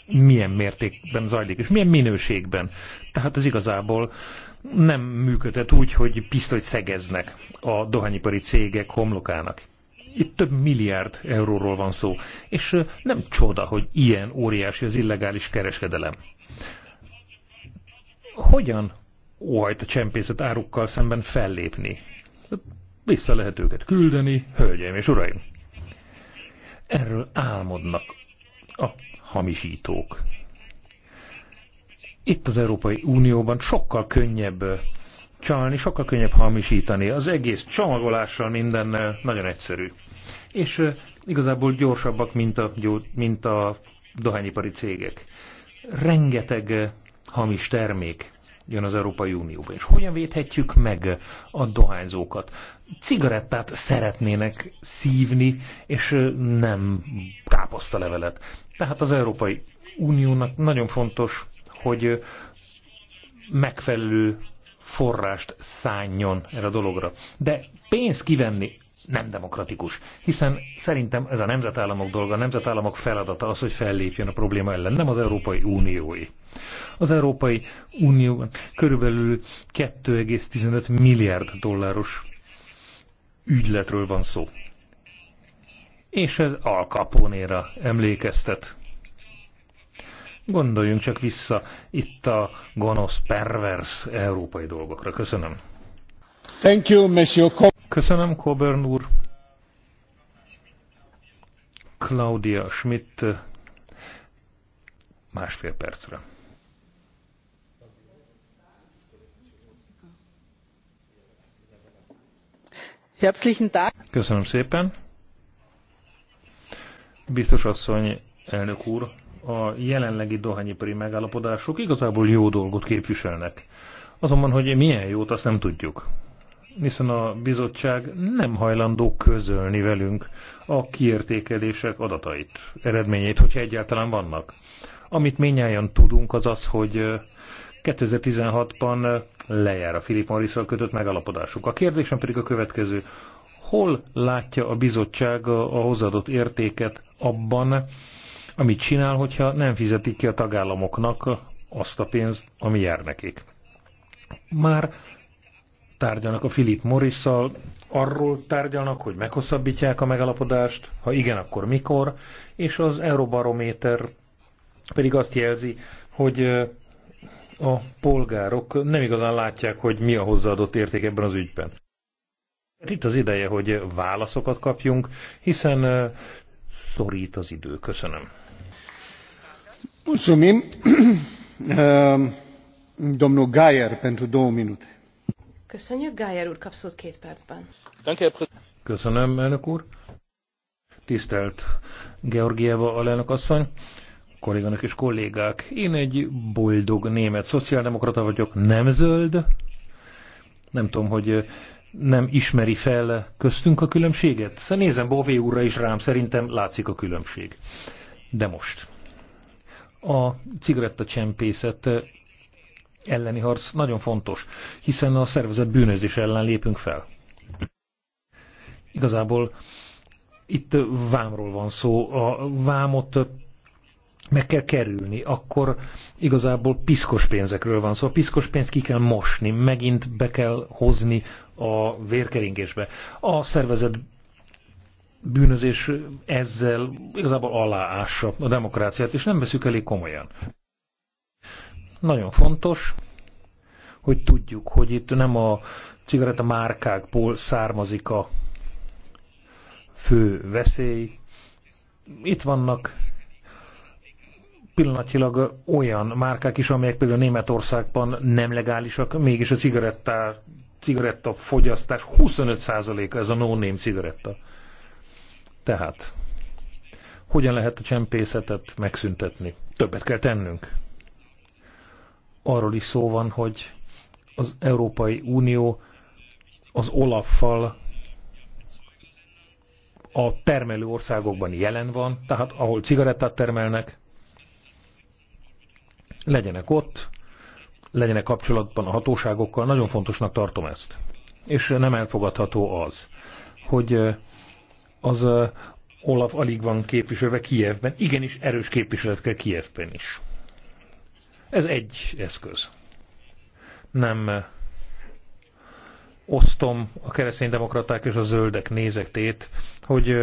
milyen mértékben zajlik, és milyen minőségben. Tehát ez igazából nem működhet úgy, hogy pisztolyt szegeznek a dohányipari cégek homlokának itt több milliárd euróról van szó, és nem csoda, hogy ilyen óriási az illegális kereskedelem. Hogyan óhajt a csempészet árukkal szemben fellépni? Vissza lehet őket küldeni, hölgyeim és uraim. Erről álmodnak a hamisítók. Itt az Európai Unióban sokkal könnyebb csalni sokkal könnyebb hamisítani. Az egész csomagolással mindennel nagyon egyszerű. És igazából gyorsabbak, mint a, mint a dohányipari cégek. Rengeteg hamis termék jön az Európai Unióba. És hogyan védhetjük meg a dohányzókat? Cigarettát szeretnének szívni, és nem káposztalevelet. Tehát az Európai Uniónak nagyon fontos, hogy megfelelő forrást szánjon erre a dologra. De pénzt kivenni nem demokratikus, hiszen szerintem ez a nemzetállamok dolga, a nemzetállamok feladata az, hogy fellépjen a probléma ellen, nem az Európai Uniói. Az Európai Unió körülbelül 2,15 milliárd dolláros ügyletről van szó. És ez Al Caponéra emlékeztet. Gondoljunk csak vissza itt a gonosz, pervers európai dolgokra. Köszönöm. Thank you, Monsieur Co Köszönöm, Coburn úr. Claudia Schmidt másfél percre. Herzlichen Dank. Köszönöm szépen. Biztos asszony, elnök úr, a jelenlegi dohányipari megállapodások igazából jó dolgot képviselnek. Azonban, hogy milyen jót, azt nem tudjuk. Hiszen a bizottság nem hajlandó közölni velünk a kiértékelések adatait, eredményeit, hogyha egyáltalán vannak. Amit minnyáján tudunk, az az, hogy 2016-ban lejár a Philip Morris-szal kötött megalapodásuk. A kérdésem pedig a következő. Hol látja a bizottság a hozzáadott értéket abban, amit csinál, hogyha nem fizetik ki a tagállamoknak azt a pénzt, ami jár nekik. Már tárgyalnak a Philip morris arról tárgyalnak, hogy meghosszabbítják a megalapodást, ha igen, akkor mikor, és az Eurobarométer pedig azt jelzi, hogy a polgárok nem igazán látják, hogy mi a hozzáadott érték ebben az ügyben. Hát itt az ideje, hogy válaszokat kapjunk, hiszen szorít az idő. Köszönöm. *clears throat* Ehm, Köszönjük, két percben. Köszönöm, elnök úr. Tisztelt Georgieva alelnök asszony, kolléganak és kollégák. Én egy boldog német szociáldemokrata vagyok, nem zöld. Nem tudom, hogy nem ismeri fel köztünk a különbséget. Szóval nézem Bové úrra is rám, szerintem látszik a különbség. De most a cigarettacsempészet elleni harc nagyon fontos, hiszen a szervezet bűnözés ellen lépünk fel. Igazából itt vámról van szó, a vámot meg kell kerülni, akkor igazából piszkos pénzekről van szó. Szóval a piszkos pénzt ki kell mosni, megint be kell hozni a vérkeringésbe. A szervezet bűnözés ezzel igazából aláássa a demokráciát, és nem veszük elég komolyan. Nagyon fontos, hogy tudjuk, hogy itt nem a cigaretta márkákból származik a fő veszély. Itt vannak pillanatilag olyan márkák is, amelyek például Németországban nem legálisak, mégis a cigaretta, cigaretta fogyasztás 25%-a ez a no-name cigaretta. Tehát, hogyan lehet a csempészetet megszüntetni? Többet kell tennünk. Arról is szó van, hogy az Európai Unió az Olaffal a termelő országokban jelen van, tehát ahol cigarettát termelnek, legyenek ott, legyenek kapcsolatban a hatóságokkal, nagyon fontosnak tartom ezt. És nem elfogadható az, hogy az Olaf alig van képviselve Kijevben. Igenis erős képviselet kell Kijevben is. Ez egy eszköz. Nem osztom a demokraták és a zöldek nézetét, hogy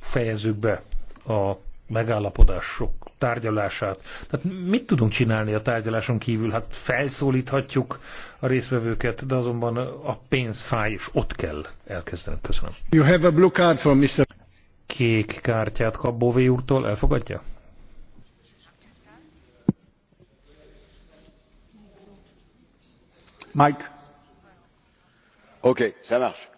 fejezzük be a megállapodások tárgyalását. Tehát mit tudunk csinálni a tárgyaláson kívül? Hát felszólíthatjuk a részvevőket, de azonban a pénz fáj, és ott kell elkezdenünk. Köszönöm. You have a blue card from Mr. Kék kártyát kap Bové úrtól, elfogadja? Mike. Oké, okay, ça marche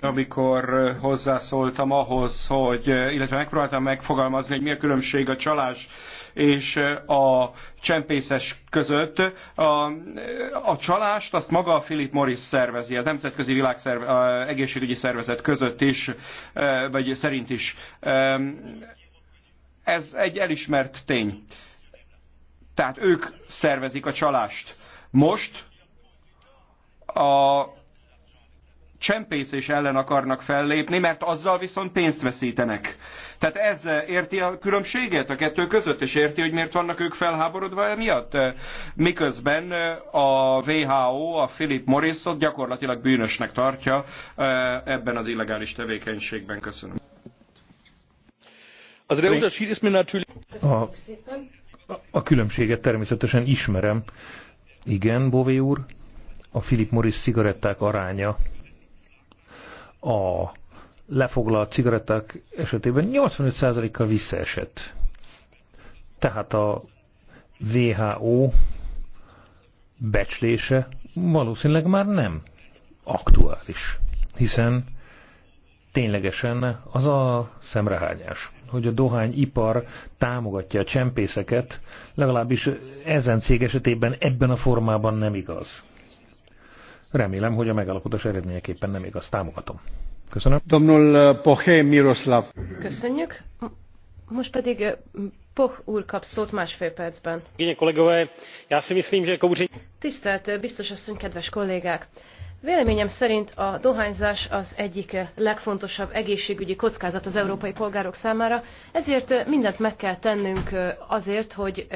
amikor eh, hozzászóltam ahhoz, hogy, eh, illetve megpróbáltam megfogalmazni, hogy mi a különbség a csalás és eh, a csempészes között. A, a csalást azt maga a Philip Morris szervezi, a Nemzetközi Világszerve, a Egészségügyi Szervezet között is, vagy szerint is. Ez egy elismert tény. Tehát ők szervezik a csalást. Most a csempészés ellen akarnak fellépni, mert azzal viszont pénzt veszítenek. Tehát ez eh, érti a különbséget a kettő között, és érti, hogy miért vannak ők felháborodva emiatt? Eh, miközben eh, a WHO, a Philip Morrisot gyakorlatilag bűnösnek tartja ebben az illegális tevékenységben. Köszönöm. Az A, a különbséget természetesen ismerem. Igen, Bové úr, a Philip Morris cigaretták aránya a lefoglalt cigaretták esetében 85%-kal visszaesett. Tehát a WHO becslése valószínűleg már nem aktuális, hiszen ténylegesen az a szemrehányás, hogy a dohányipar támogatja a csempészeket, legalábbis ezen cég esetében ebben a formában nem igaz. Remélem, hogy a megállapodás eredményeképpen nem igaz. Támogatom. Köszönöm. Domnul eh, Pohé Miroslav. Köszönjük. Most pedig eh, Poch úr kap szót másfél percben. Tisztelt eh, biztos asszony, kedves kollégák! Véleményem szerint a dohányzás az egyik legfontosabb egészségügyi kockázat az európai polgárok számára, ezért mindent meg kell tennünk azért, hogy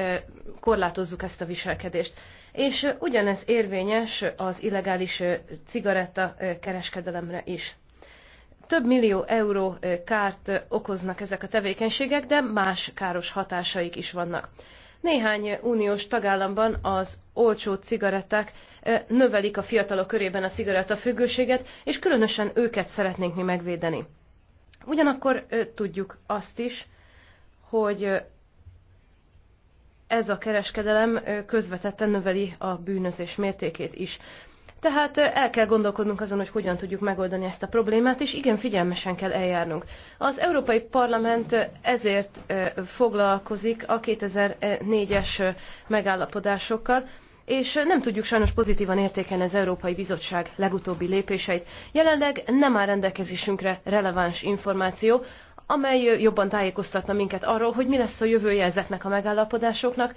korlátozzuk ezt a viselkedést és ugyanez érvényes az illegális cigaretta kereskedelemre is. Több millió euró kárt okoznak ezek a tevékenységek, de más káros hatásaik is vannak. Néhány uniós tagállamban az olcsó cigaretták növelik a fiatalok körében a cigarettafüggőséget, és különösen őket szeretnénk mi megvédeni. Ugyanakkor tudjuk azt is, hogy ez a kereskedelem közvetetten növeli a bűnözés mértékét is. Tehát el kell gondolkodnunk azon, hogy hogyan tudjuk megoldani ezt a problémát, és igen, figyelmesen kell eljárnunk. Az Európai Parlament ezért foglalkozik a 2004-es megállapodásokkal, és nem tudjuk sajnos pozitívan értékelni az Európai Bizottság legutóbbi lépéseit. Jelenleg nem áll rendelkezésünkre releváns információ, amely jobban tájékoztatna minket arról, hogy mi lesz a jövője ezeknek a megállapodásoknak.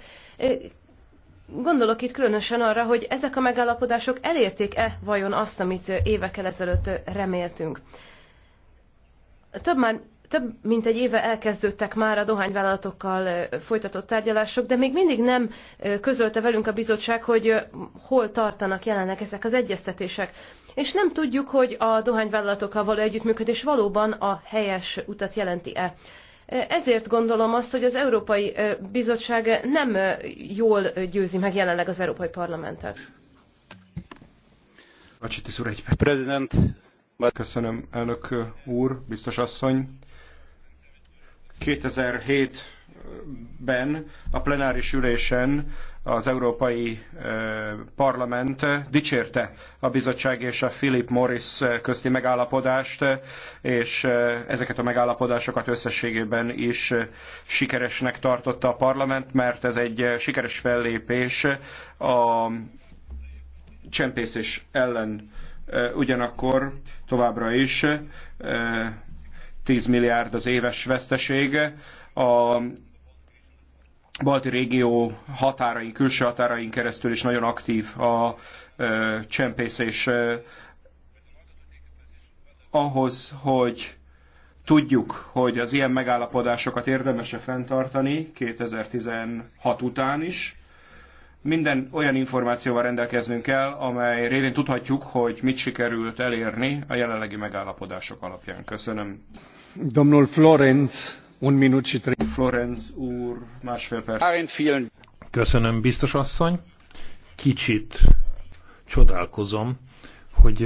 Gondolok itt különösen arra, hogy ezek a megállapodások elérték-e vajon azt, amit évekkel ezelőtt reméltünk. Több már több mint egy éve elkezdődtek már a dohányvállalatokkal folytatott tárgyalások, de még mindig nem közölte velünk a bizottság, hogy hol tartanak jelenleg ezek az egyeztetések és nem tudjuk, hogy a dohányvállalatokkal való együttműködés valóban a helyes utat jelenti-e. Ezért gondolom azt, hogy az Európai Bizottság nem jól győzi meg jelenleg az Európai Parlamentet. Bacsitis úr, egy President. Köszönöm, elnök úr, biztos asszony. 2007-ben a plenáris ülésen az Európai Parlament dicsérte a bizottság és a Philip Morris közti megállapodást, és ezeket a megállapodásokat összességében is sikeresnek tartotta a parlament, mert ez egy sikeres fellépés a csempészés ellen ugyanakkor továbbra is 10 milliárd az éves veszteség. A balti régió határai, külső határain keresztül is nagyon aktív a csempészés ahhoz, hogy tudjuk, hogy az ilyen megállapodásokat érdemese fenntartani 2016 után is. Minden olyan információval rendelkeznünk kell, amely révén tudhatjuk, hogy mit sikerült elérni a jelenlegi megállapodások alapján. Köszönöm. Domnul Florence Un úr, Köszönöm, biztos asszony. Kicsit csodálkozom, hogy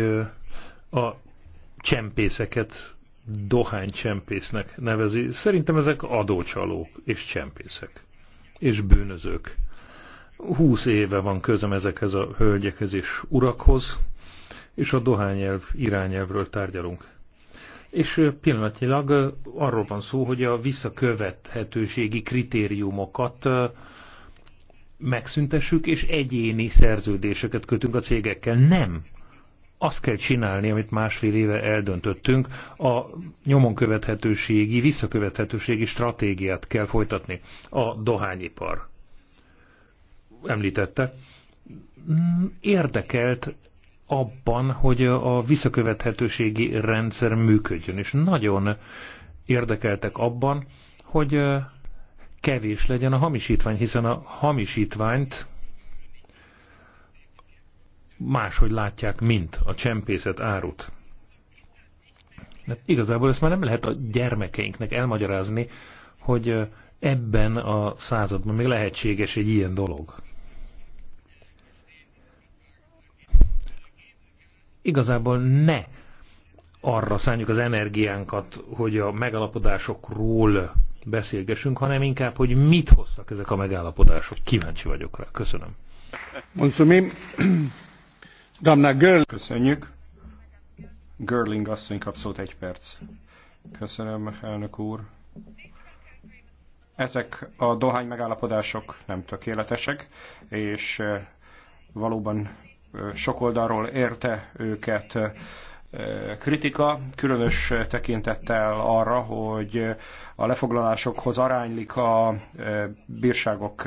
a csempészeket dohánycsempésznek nevezi. Szerintem ezek adócsalók és csempészek. És bűnözők. Húsz éve van közöm ezekhez a hölgyekhez és urakhoz, és a dohányelv irányelvről tárgyalunk és pillanatnyilag arról van szó, hogy a visszakövethetőségi kritériumokat megszüntessük, és egyéni szerződéseket kötünk a cégekkel. Nem! Azt kell csinálni, amit másfél éve eldöntöttünk, a nyomon követhetőségi, visszakövethetőségi stratégiát kell folytatni. A dohányipar említette. Mm, érdekelt abban, hogy a visszakövethetőségi rendszer működjön, és nagyon érdekeltek abban, hogy kevés legyen a hamisítvány, hiszen a hamisítványt máshogy látják, mint a csempészet árut. De hát igazából ezt már nem lehet a gyermekeinknek elmagyarázni, hogy ebben a században még lehetséges egy ilyen dolog. igazából ne arra szálljuk az energiánkat, hogy a megalapodásokról beszélgessünk, hanem inkább, hogy mit hoztak ezek a megállapodások. Kíváncsi vagyok rá. Köszönöm. Monsumim. Damna Görl. Köszönjük. Görling asszony kapszolt egy perc. Köszönöm, elnök úr. Ezek a dohány megállapodások nem tökéletesek, és eh, valóban sok oldalról érte őket kritika, különös tekintettel arra, hogy a lefoglalásokhoz aránylik a bírságok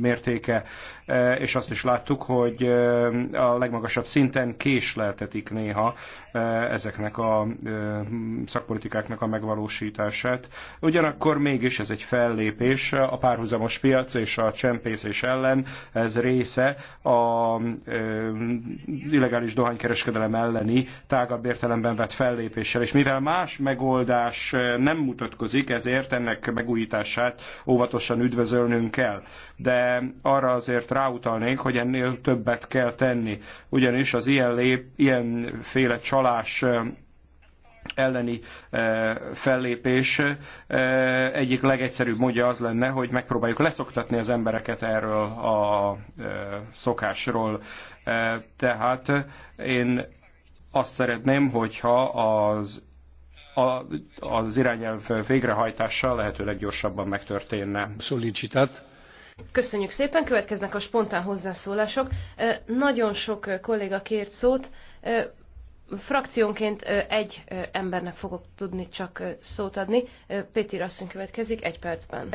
mértéke. E, és azt is láttuk, hogy e, a legmagasabb szinten késleltetik néha e, ezeknek a szakpolitikáknak a megvalósítását. Ugyanakkor mégis ez egy fellépés a párhuzamos piac és a csempészés ellen, ez része a illegális dohánykereskedelem elleni tágabb értelemben vett fellépéssel, és mivel más megoldás nem mutatkozik, ezért ennek megújítását óvatosan üdvözölnünk kell. De arra azért rá ráutalnék, hogy ennél többet kell tenni. Ugyanis az ilyen lép, ilyenféle csalás elleni fellépés egyik legegyszerűbb módja az lenne, hogy megpróbáljuk leszoktatni az embereket erről a szokásról. Tehát én azt szeretném, hogyha az a, az irányelv végrehajtása lehetőleg gyorsabban megtörténne. Köszönjük szépen, következnek a spontán hozzászólások. Nagyon sok kolléga kért szót. Frakciónként egy embernek fogok tudni csak szót adni. Péti Rasszony következik egy percben.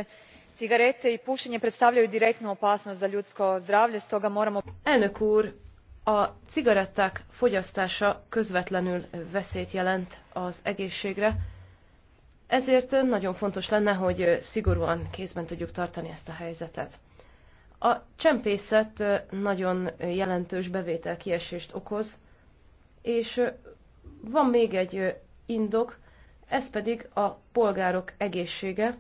Cigarette i pušenje predstavljaju direktnu opasnost za ljudsko zdravlje, stoga moramo... Elnök úr, a cigaretták fogyasztása közvetlenül veszélyt jelent az egészségre, ezért nagyon fontos lenne, hogy szigorúan kézben tudjuk tartani ezt a helyzetet. A csempészet nagyon jelentős bevételkiesést okoz, és van még egy indok, ez pedig a polgárok egészsége,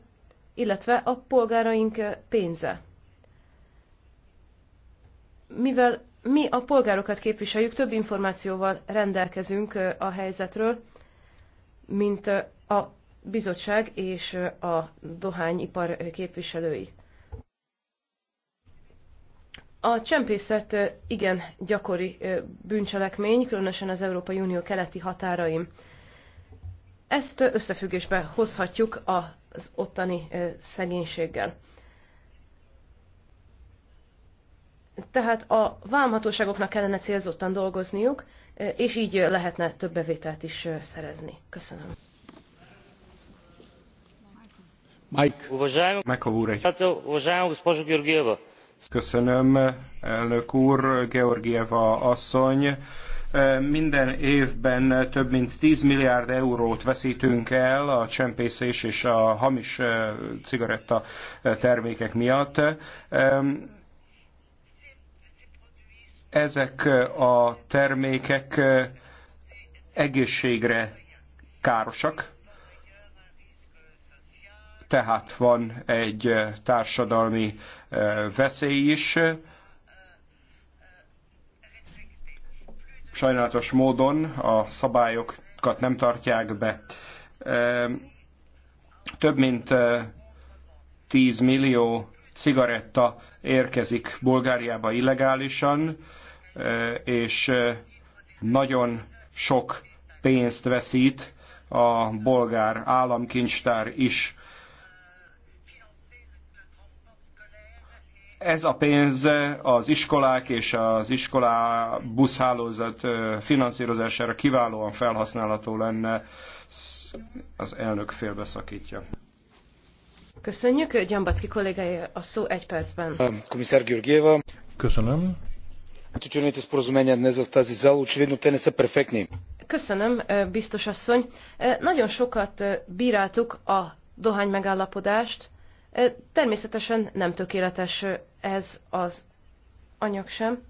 illetve a polgáraink pénze. Mivel mi a polgárokat képviseljük, több információval rendelkezünk a helyzetről, mint a bizottság és a dohányipar képviselői. A csempészet igen gyakori bűncselekmény, különösen az Európai Unió keleti határaim. Ezt összefüggésbe hozhatjuk az ottani szegénységgel. Tehát a vámhatóságoknak kellene célzottan dolgozniuk, és így lehetne több bevételt is szerezni. Köszönöm elnök úr georgieva asszony minden évben több mint ten milliárd eurót veszítünk el a csempészés és a hamis eh, cigaretta eh, termékek miatt ezek eh, a termékek egészségre károsak tehát van egy társadalmi veszély is. Sajnálatos módon a szabályokat nem tartják be. Több mint 10 millió cigaretta érkezik Bulgáriába illegálisan, és nagyon sok pénzt veszít a bolgár államkincstár is Ez a pénz az iskolák és az iskolá buszhálózat finanszírozására kiválóan felhasználható lenne. Az elnök félbeszakítja. Köszönjük, Gyambacki kollégája a szó egy percben. Komisár Györgyéva. Köszönöm. Тютюнените споразумения днес в тази зала, очевидно те не са Köszönöm, biztos asszony. Nagyon sokat bíráltuk a dohány megállapodást, Természetesen nem tökéletes ez az anyag sem,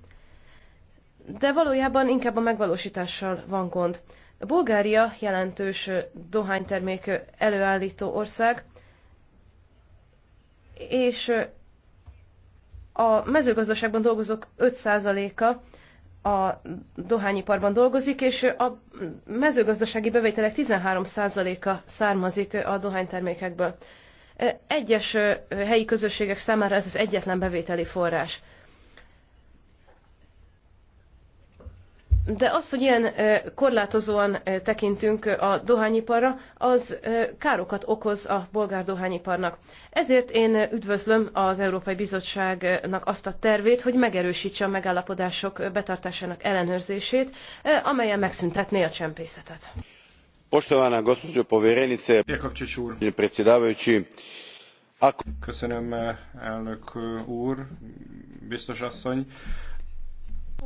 de valójában inkább a megvalósítással van gond. A Bulgária jelentős dohánytermék előállító ország, és a mezőgazdaságban dolgozók 5%-a a dohányiparban dolgozik, és a mezőgazdasági bevételek 13%-a származik a dohánytermékekből. Egyes helyi közösségek számára ez az egyetlen bevételi forrás. De az, hogy ilyen korlátozóan tekintünk a dohányiparra, az károkat okoz a bolgár dohányiparnak. Ezért én üdvözlöm az Európai Bizottságnak azt a tervét, hogy megerősítse a megállapodások betartásának ellenőrzését, amelyen megszüntetné a csempészetet poštovana gospođo povjerenice predsjedavajući elnök úr, biztos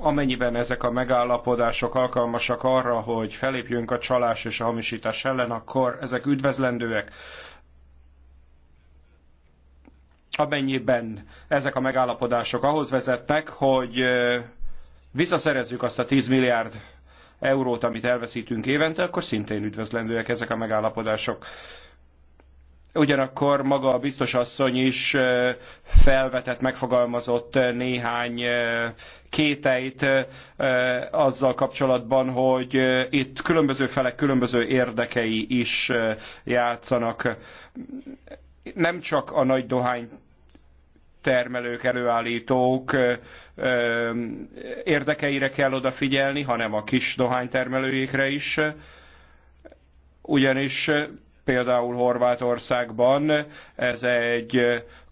Amennyiben ezek a megállapodások alkalmasak arra, hogy fellépjünk a csalás és a hamisítás ellen, akkor ezek üdvözlendőek. Amennyiben ezek a megállapodások ahhoz vezetnek, hogy eh, visszaszerezzük azt a 10 milliárd eurót, amit elveszítünk évente, akkor szintén üdvözlendőek ezek a megállapodások. Ugyanakkor maga a biztos asszony is felvetett, megfogalmazott néhány kételyt azzal kapcsolatban, hogy itt különböző felek különböző érdekei is játszanak. Nem csak a nagy dohány termelők, előállítók érdekeire kell odafigyelni, hanem a kis dohánytermelőjékre is. Ugyanis például Horvátországban ez egy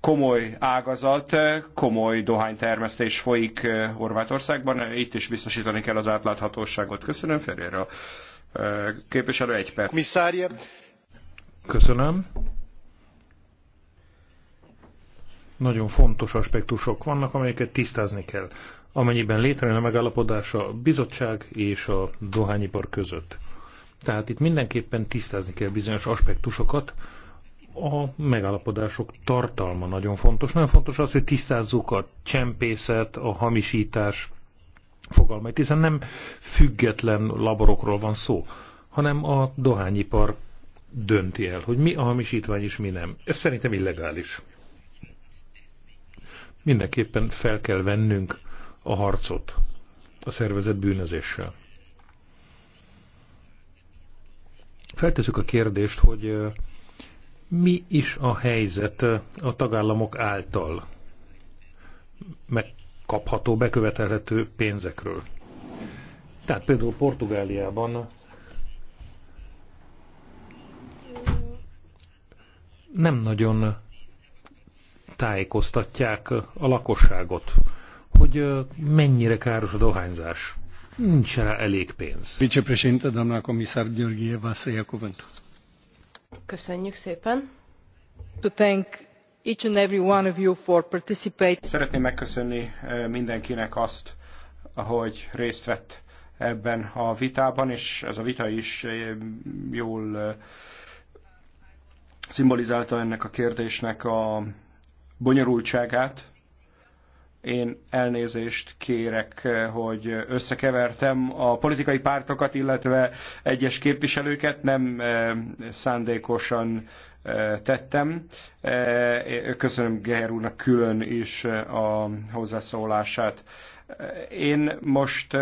komoly ágazat, komoly dohánytermesztés folyik Horvátországban, itt is biztosítani kell az átláthatóságot. Köszönöm, a Képviselő egy perc. Köszönöm nagyon fontos aspektusok vannak, amelyeket tisztázni kell, amennyiben létrejön a megállapodás a bizottság és a dohányipar között. Tehát itt mindenképpen tisztázni kell bizonyos aspektusokat, a megállapodások tartalma nagyon fontos. Nagyon fontos az, hogy tisztázzuk a csempészet, a hamisítás fogalmait, hiszen nem független laborokról van szó, hanem a dohányipar dönti el, hogy mi a hamisítvány és mi nem. Ez szerintem illegális mindenképpen fel kell vennünk a harcot a szervezet bűnözéssel. Feltesszük a kérdést, hogy mi is a helyzet a tagállamok által megkapható, bekövetelhető pénzekről. Tehát például Portugáliában nem nagyon tájékoztatják a lakosságot, hogy mennyire káros a dohányzás. Nincs rá elég pénz. Köszönjük szépen. To thank each and every one of you for participating. Szeretném megköszönni mindenkinek azt, hogy részt vett ebben a vitában, és ez a vita is jól szimbolizálta ennek a kérdésnek a bonyolultságát. Én elnézést kérek, hogy összekevertem a politikai pártokat, illetve egyes képviselőket, nem eh, szándékosan eh, tettem. Eh, köszönöm Geher úrnak külön is a hozzászólását. Én most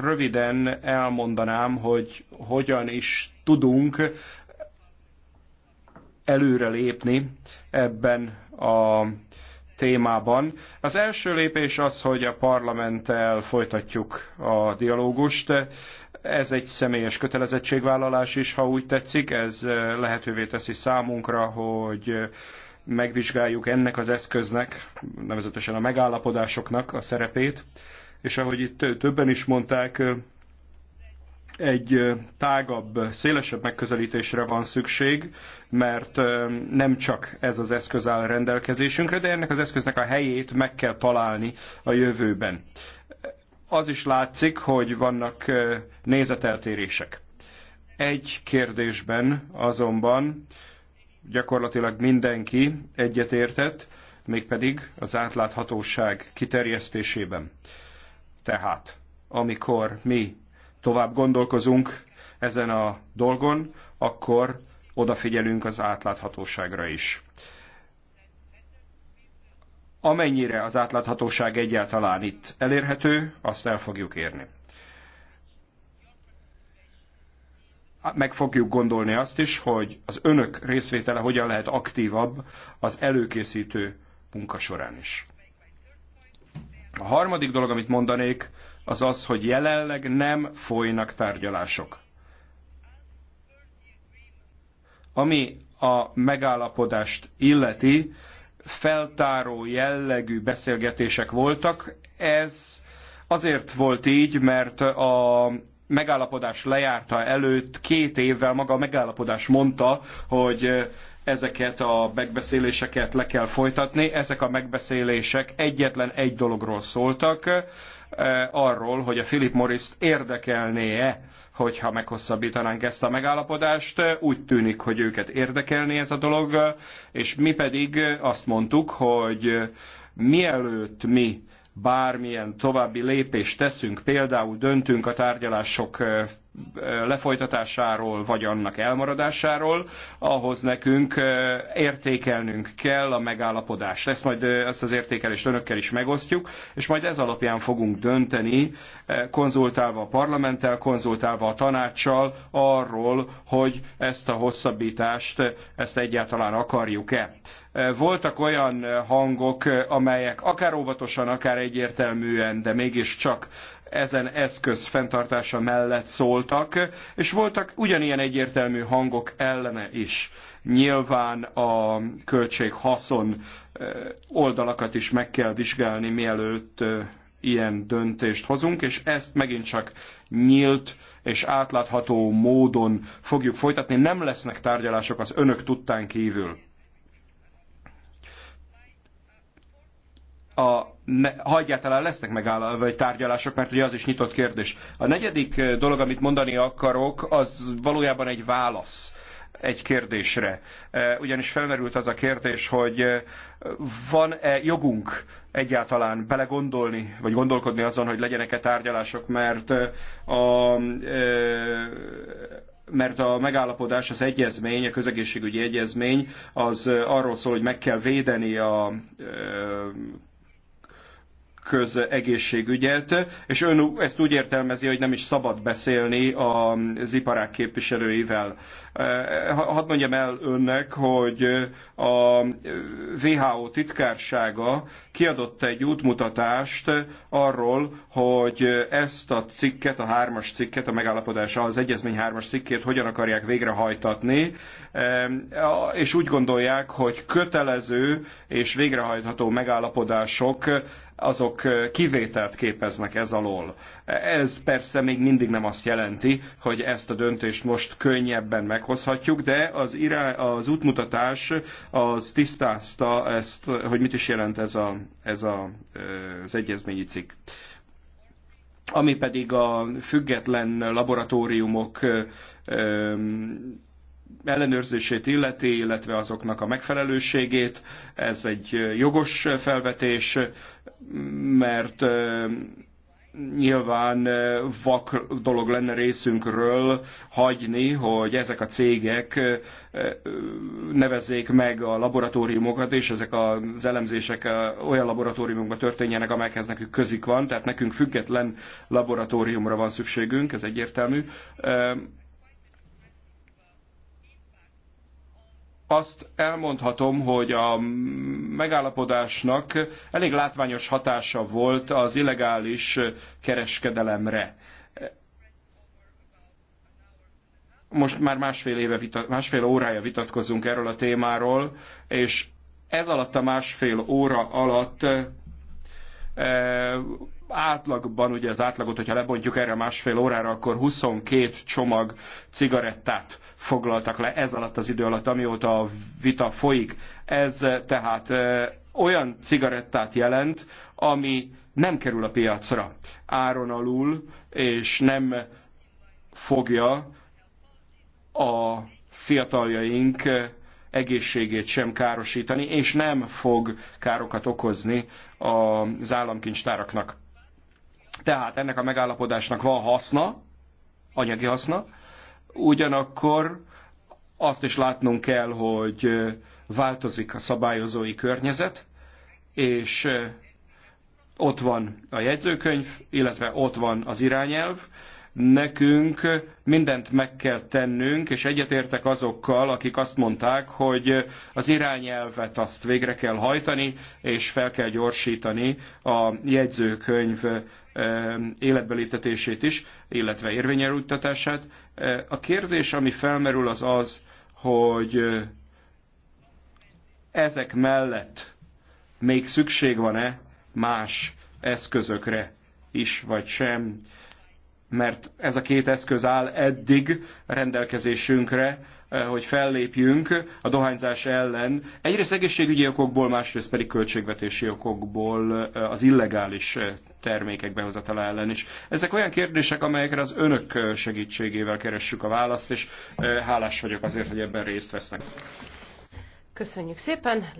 röviden elmondanám, hogy hogyan is tudunk előrelépni ebben a témában. Az első lépés az, hogy a parlamenttel folytatjuk a dialógust. Ez egy személyes kötelezettségvállalás is, ha úgy tetszik. Ez lehetővé teszi számunkra, hogy megvizsgáljuk ennek az eszköznek, nevezetesen a megállapodásoknak a szerepét. És ahogy itt többen is mondták, egy tágabb, szélesebb megközelítésre van szükség, mert nem csak ez az eszköz áll rendelkezésünkre, de ennek az eszköznek a helyét meg kell találni a jövőben. Az is látszik, hogy vannak nézeteltérések. Egy kérdésben azonban gyakorlatilag mindenki egyetértett, mégpedig az átláthatóság kiterjesztésében. Tehát, amikor mi tovább gondolkozunk ezen a dolgon, akkor odafigyelünk az átláthatóságra is. Amennyire az átláthatóság egyáltalán itt elérhető, azt el fogjuk érni. meg fogjuk gondolni azt is, hogy az önök részvétele hogyan lehet aktívabb az előkészítő munka során is. A harmadik dolog, amit mondanék, az az, hogy jelenleg nem folynak tárgyalások. Ami a megállapodást illeti, feltáró jellegű beszélgetések voltak. Ez azért volt így, mert a megállapodás lejárta előtt két évvel maga a megállapodás mondta, hogy ezeket a megbeszéléseket le kell folytatni. Ezek a megbeszélések egyetlen egy dologról szóltak, E, arról, hogy a Philip morris érdekelné-e, hogyha meghosszabbítanánk ezt a megállapodást. Úgy tűnik, hogy őket érdekelné ez a dolog, és mi pedig azt mondtuk, hogy mielőtt mi bármilyen további lépést teszünk, például döntünk a tárgyalások lefolytatásáról, vagy annak elmaradásáról, ahhoz nekünk értékelnünk kell a megállapodást. Ezt majd ezt az értékelést önökkel is megosztjuk, és majd ez alapján fogunk dönteni, konzultálva a parlamenttel, konzultálva a tanácssal arról, hogy ezt a hosszabbítást, ezt egyáltalán akarjuk-e voltak olyan eh, hangok, eh, amelyek akár óvatosan, akár egyértelműen, de mégiscsak ezen eszköz fenntartása mellett szóltak, és voltak ugyanilyen egyértelmű hangok ellene is. Nyilván a költség-haszon eh, oldalakat is meg kell vizsgálni, mielőtt ilyen döntést hozunk, és ezt megint csak nyílt és átlátható módon fogjuk folytatni. Nem lesznek tárgyalások az önök tudtán kívül. a, ne, ha egyáltalán lesznek megáll, vagy tárgyalások, mert ugye az is nyitott kérdés. A negyedik eh, dolog, amit mondani akarok, az valójában egy válasz egy kérdésre. Eh, ugyanis felmerült az a kérdés, hogy eh, van-e jogunk egyáltalán belegondolni, vagy gondolkodni azon, hogy legyenek-e tárgyalások, mert a, mert a megállapodás, az egyezmény, a közegészségügyi egyezmény az arról szól, hogy meg kell védeni a közegészségügyet, és ön ezt úgy értelmezi, hogy nem is szabad beszélni az iparák képviselőivel. E, hadd mondjam el önnek, hogy a WHO titkársága kiadott egy útmutatást arról, hogy ezt a cikket, a hármas cikket, a megállapodás az egyezmény hármas cikkét hogyan akarják végrehajtatni, e, és úgy gondolják, hogy kötelező és végrehajtható megállapodások azok kivételt képeznek ez alól. Ez persze még mindig nem azt jelenti, hogy ezt a döntést most könnyebben meghozhatjuk, de az, irá, az útmutatás az tisztázta ezt, hogy mit is jelent ez, a, ez a, az egyezményi cikk ami pedig a független laboratóriumok ellenőrzését illeti, illetve azoknak a megfelelőségét. Ez egy jogos felvetés, mert nyilván vak dolog lenne részünkről hagyni, hogy ezek a cégek nevezzék meg a laboratóriumokat, és ezek az elemzések olyan laboratóriumokban történjenek, amelyekhez nekünk közik van, tehát nekünk független laboratóriumra van szükségünk, ez egyértelmű. azt elmondhatom, hogy a megállapodásnak elég látványos hatása volt az illegális kereskedelemre. Most már másfél, éve vita, másfél órája vitatkozunk erről a témáról, és ez alatt a másfél óra alatt átlagban, ugye az átlagot, hogyha lebontjuk erre másfél órára, akkor 22 csomag cigarettát foglaltak le ez alatt az idő alatt, amióta a vita folyik. Ez tehát olyan cigarettát jelent, ami nem kerül a piacra áron alul, és nem fogja a fiataljaink egészségét sem károsítani, és nem fog károkat okozni az államkincstáraknak. Tehát ennek a megállapodásnak van haszna, anyagi haszna, ugyanakkor azt is látnunk kell, hogy változik a szabályozói környezet, és ott van a jegyzőkönyv, illetve ott van az irányelv, Nekünk mindent meg kell tennünk, és egyetértek azokkal, akik azt mondták, hogy az irányelvet azt végre kell hajtani, és fel kell gyorsítani a jegyzőkönyv eh, életbelítetését is, illetve érvényelültetását. Eh, a kérdés, ami felmerül, az az, hogy eh, ezek mellett még szükség van-e más eszközökre is, vagy sem mert ez a két eszköz áll eddig rendelkezésünkre, eh, hogy fellépjünk a dohányzás ellen. Egyrészt egészségügyi okokból, másrészt pedig költségvetési okokból eh, az illegális eh, termékek behozatala ellen is. Ezek olyan kérdések, amelyekre az önök segítségével keressük a választ, és hálás vagyok azért, hogy ebben részt vesznek. Köszönjük szépen!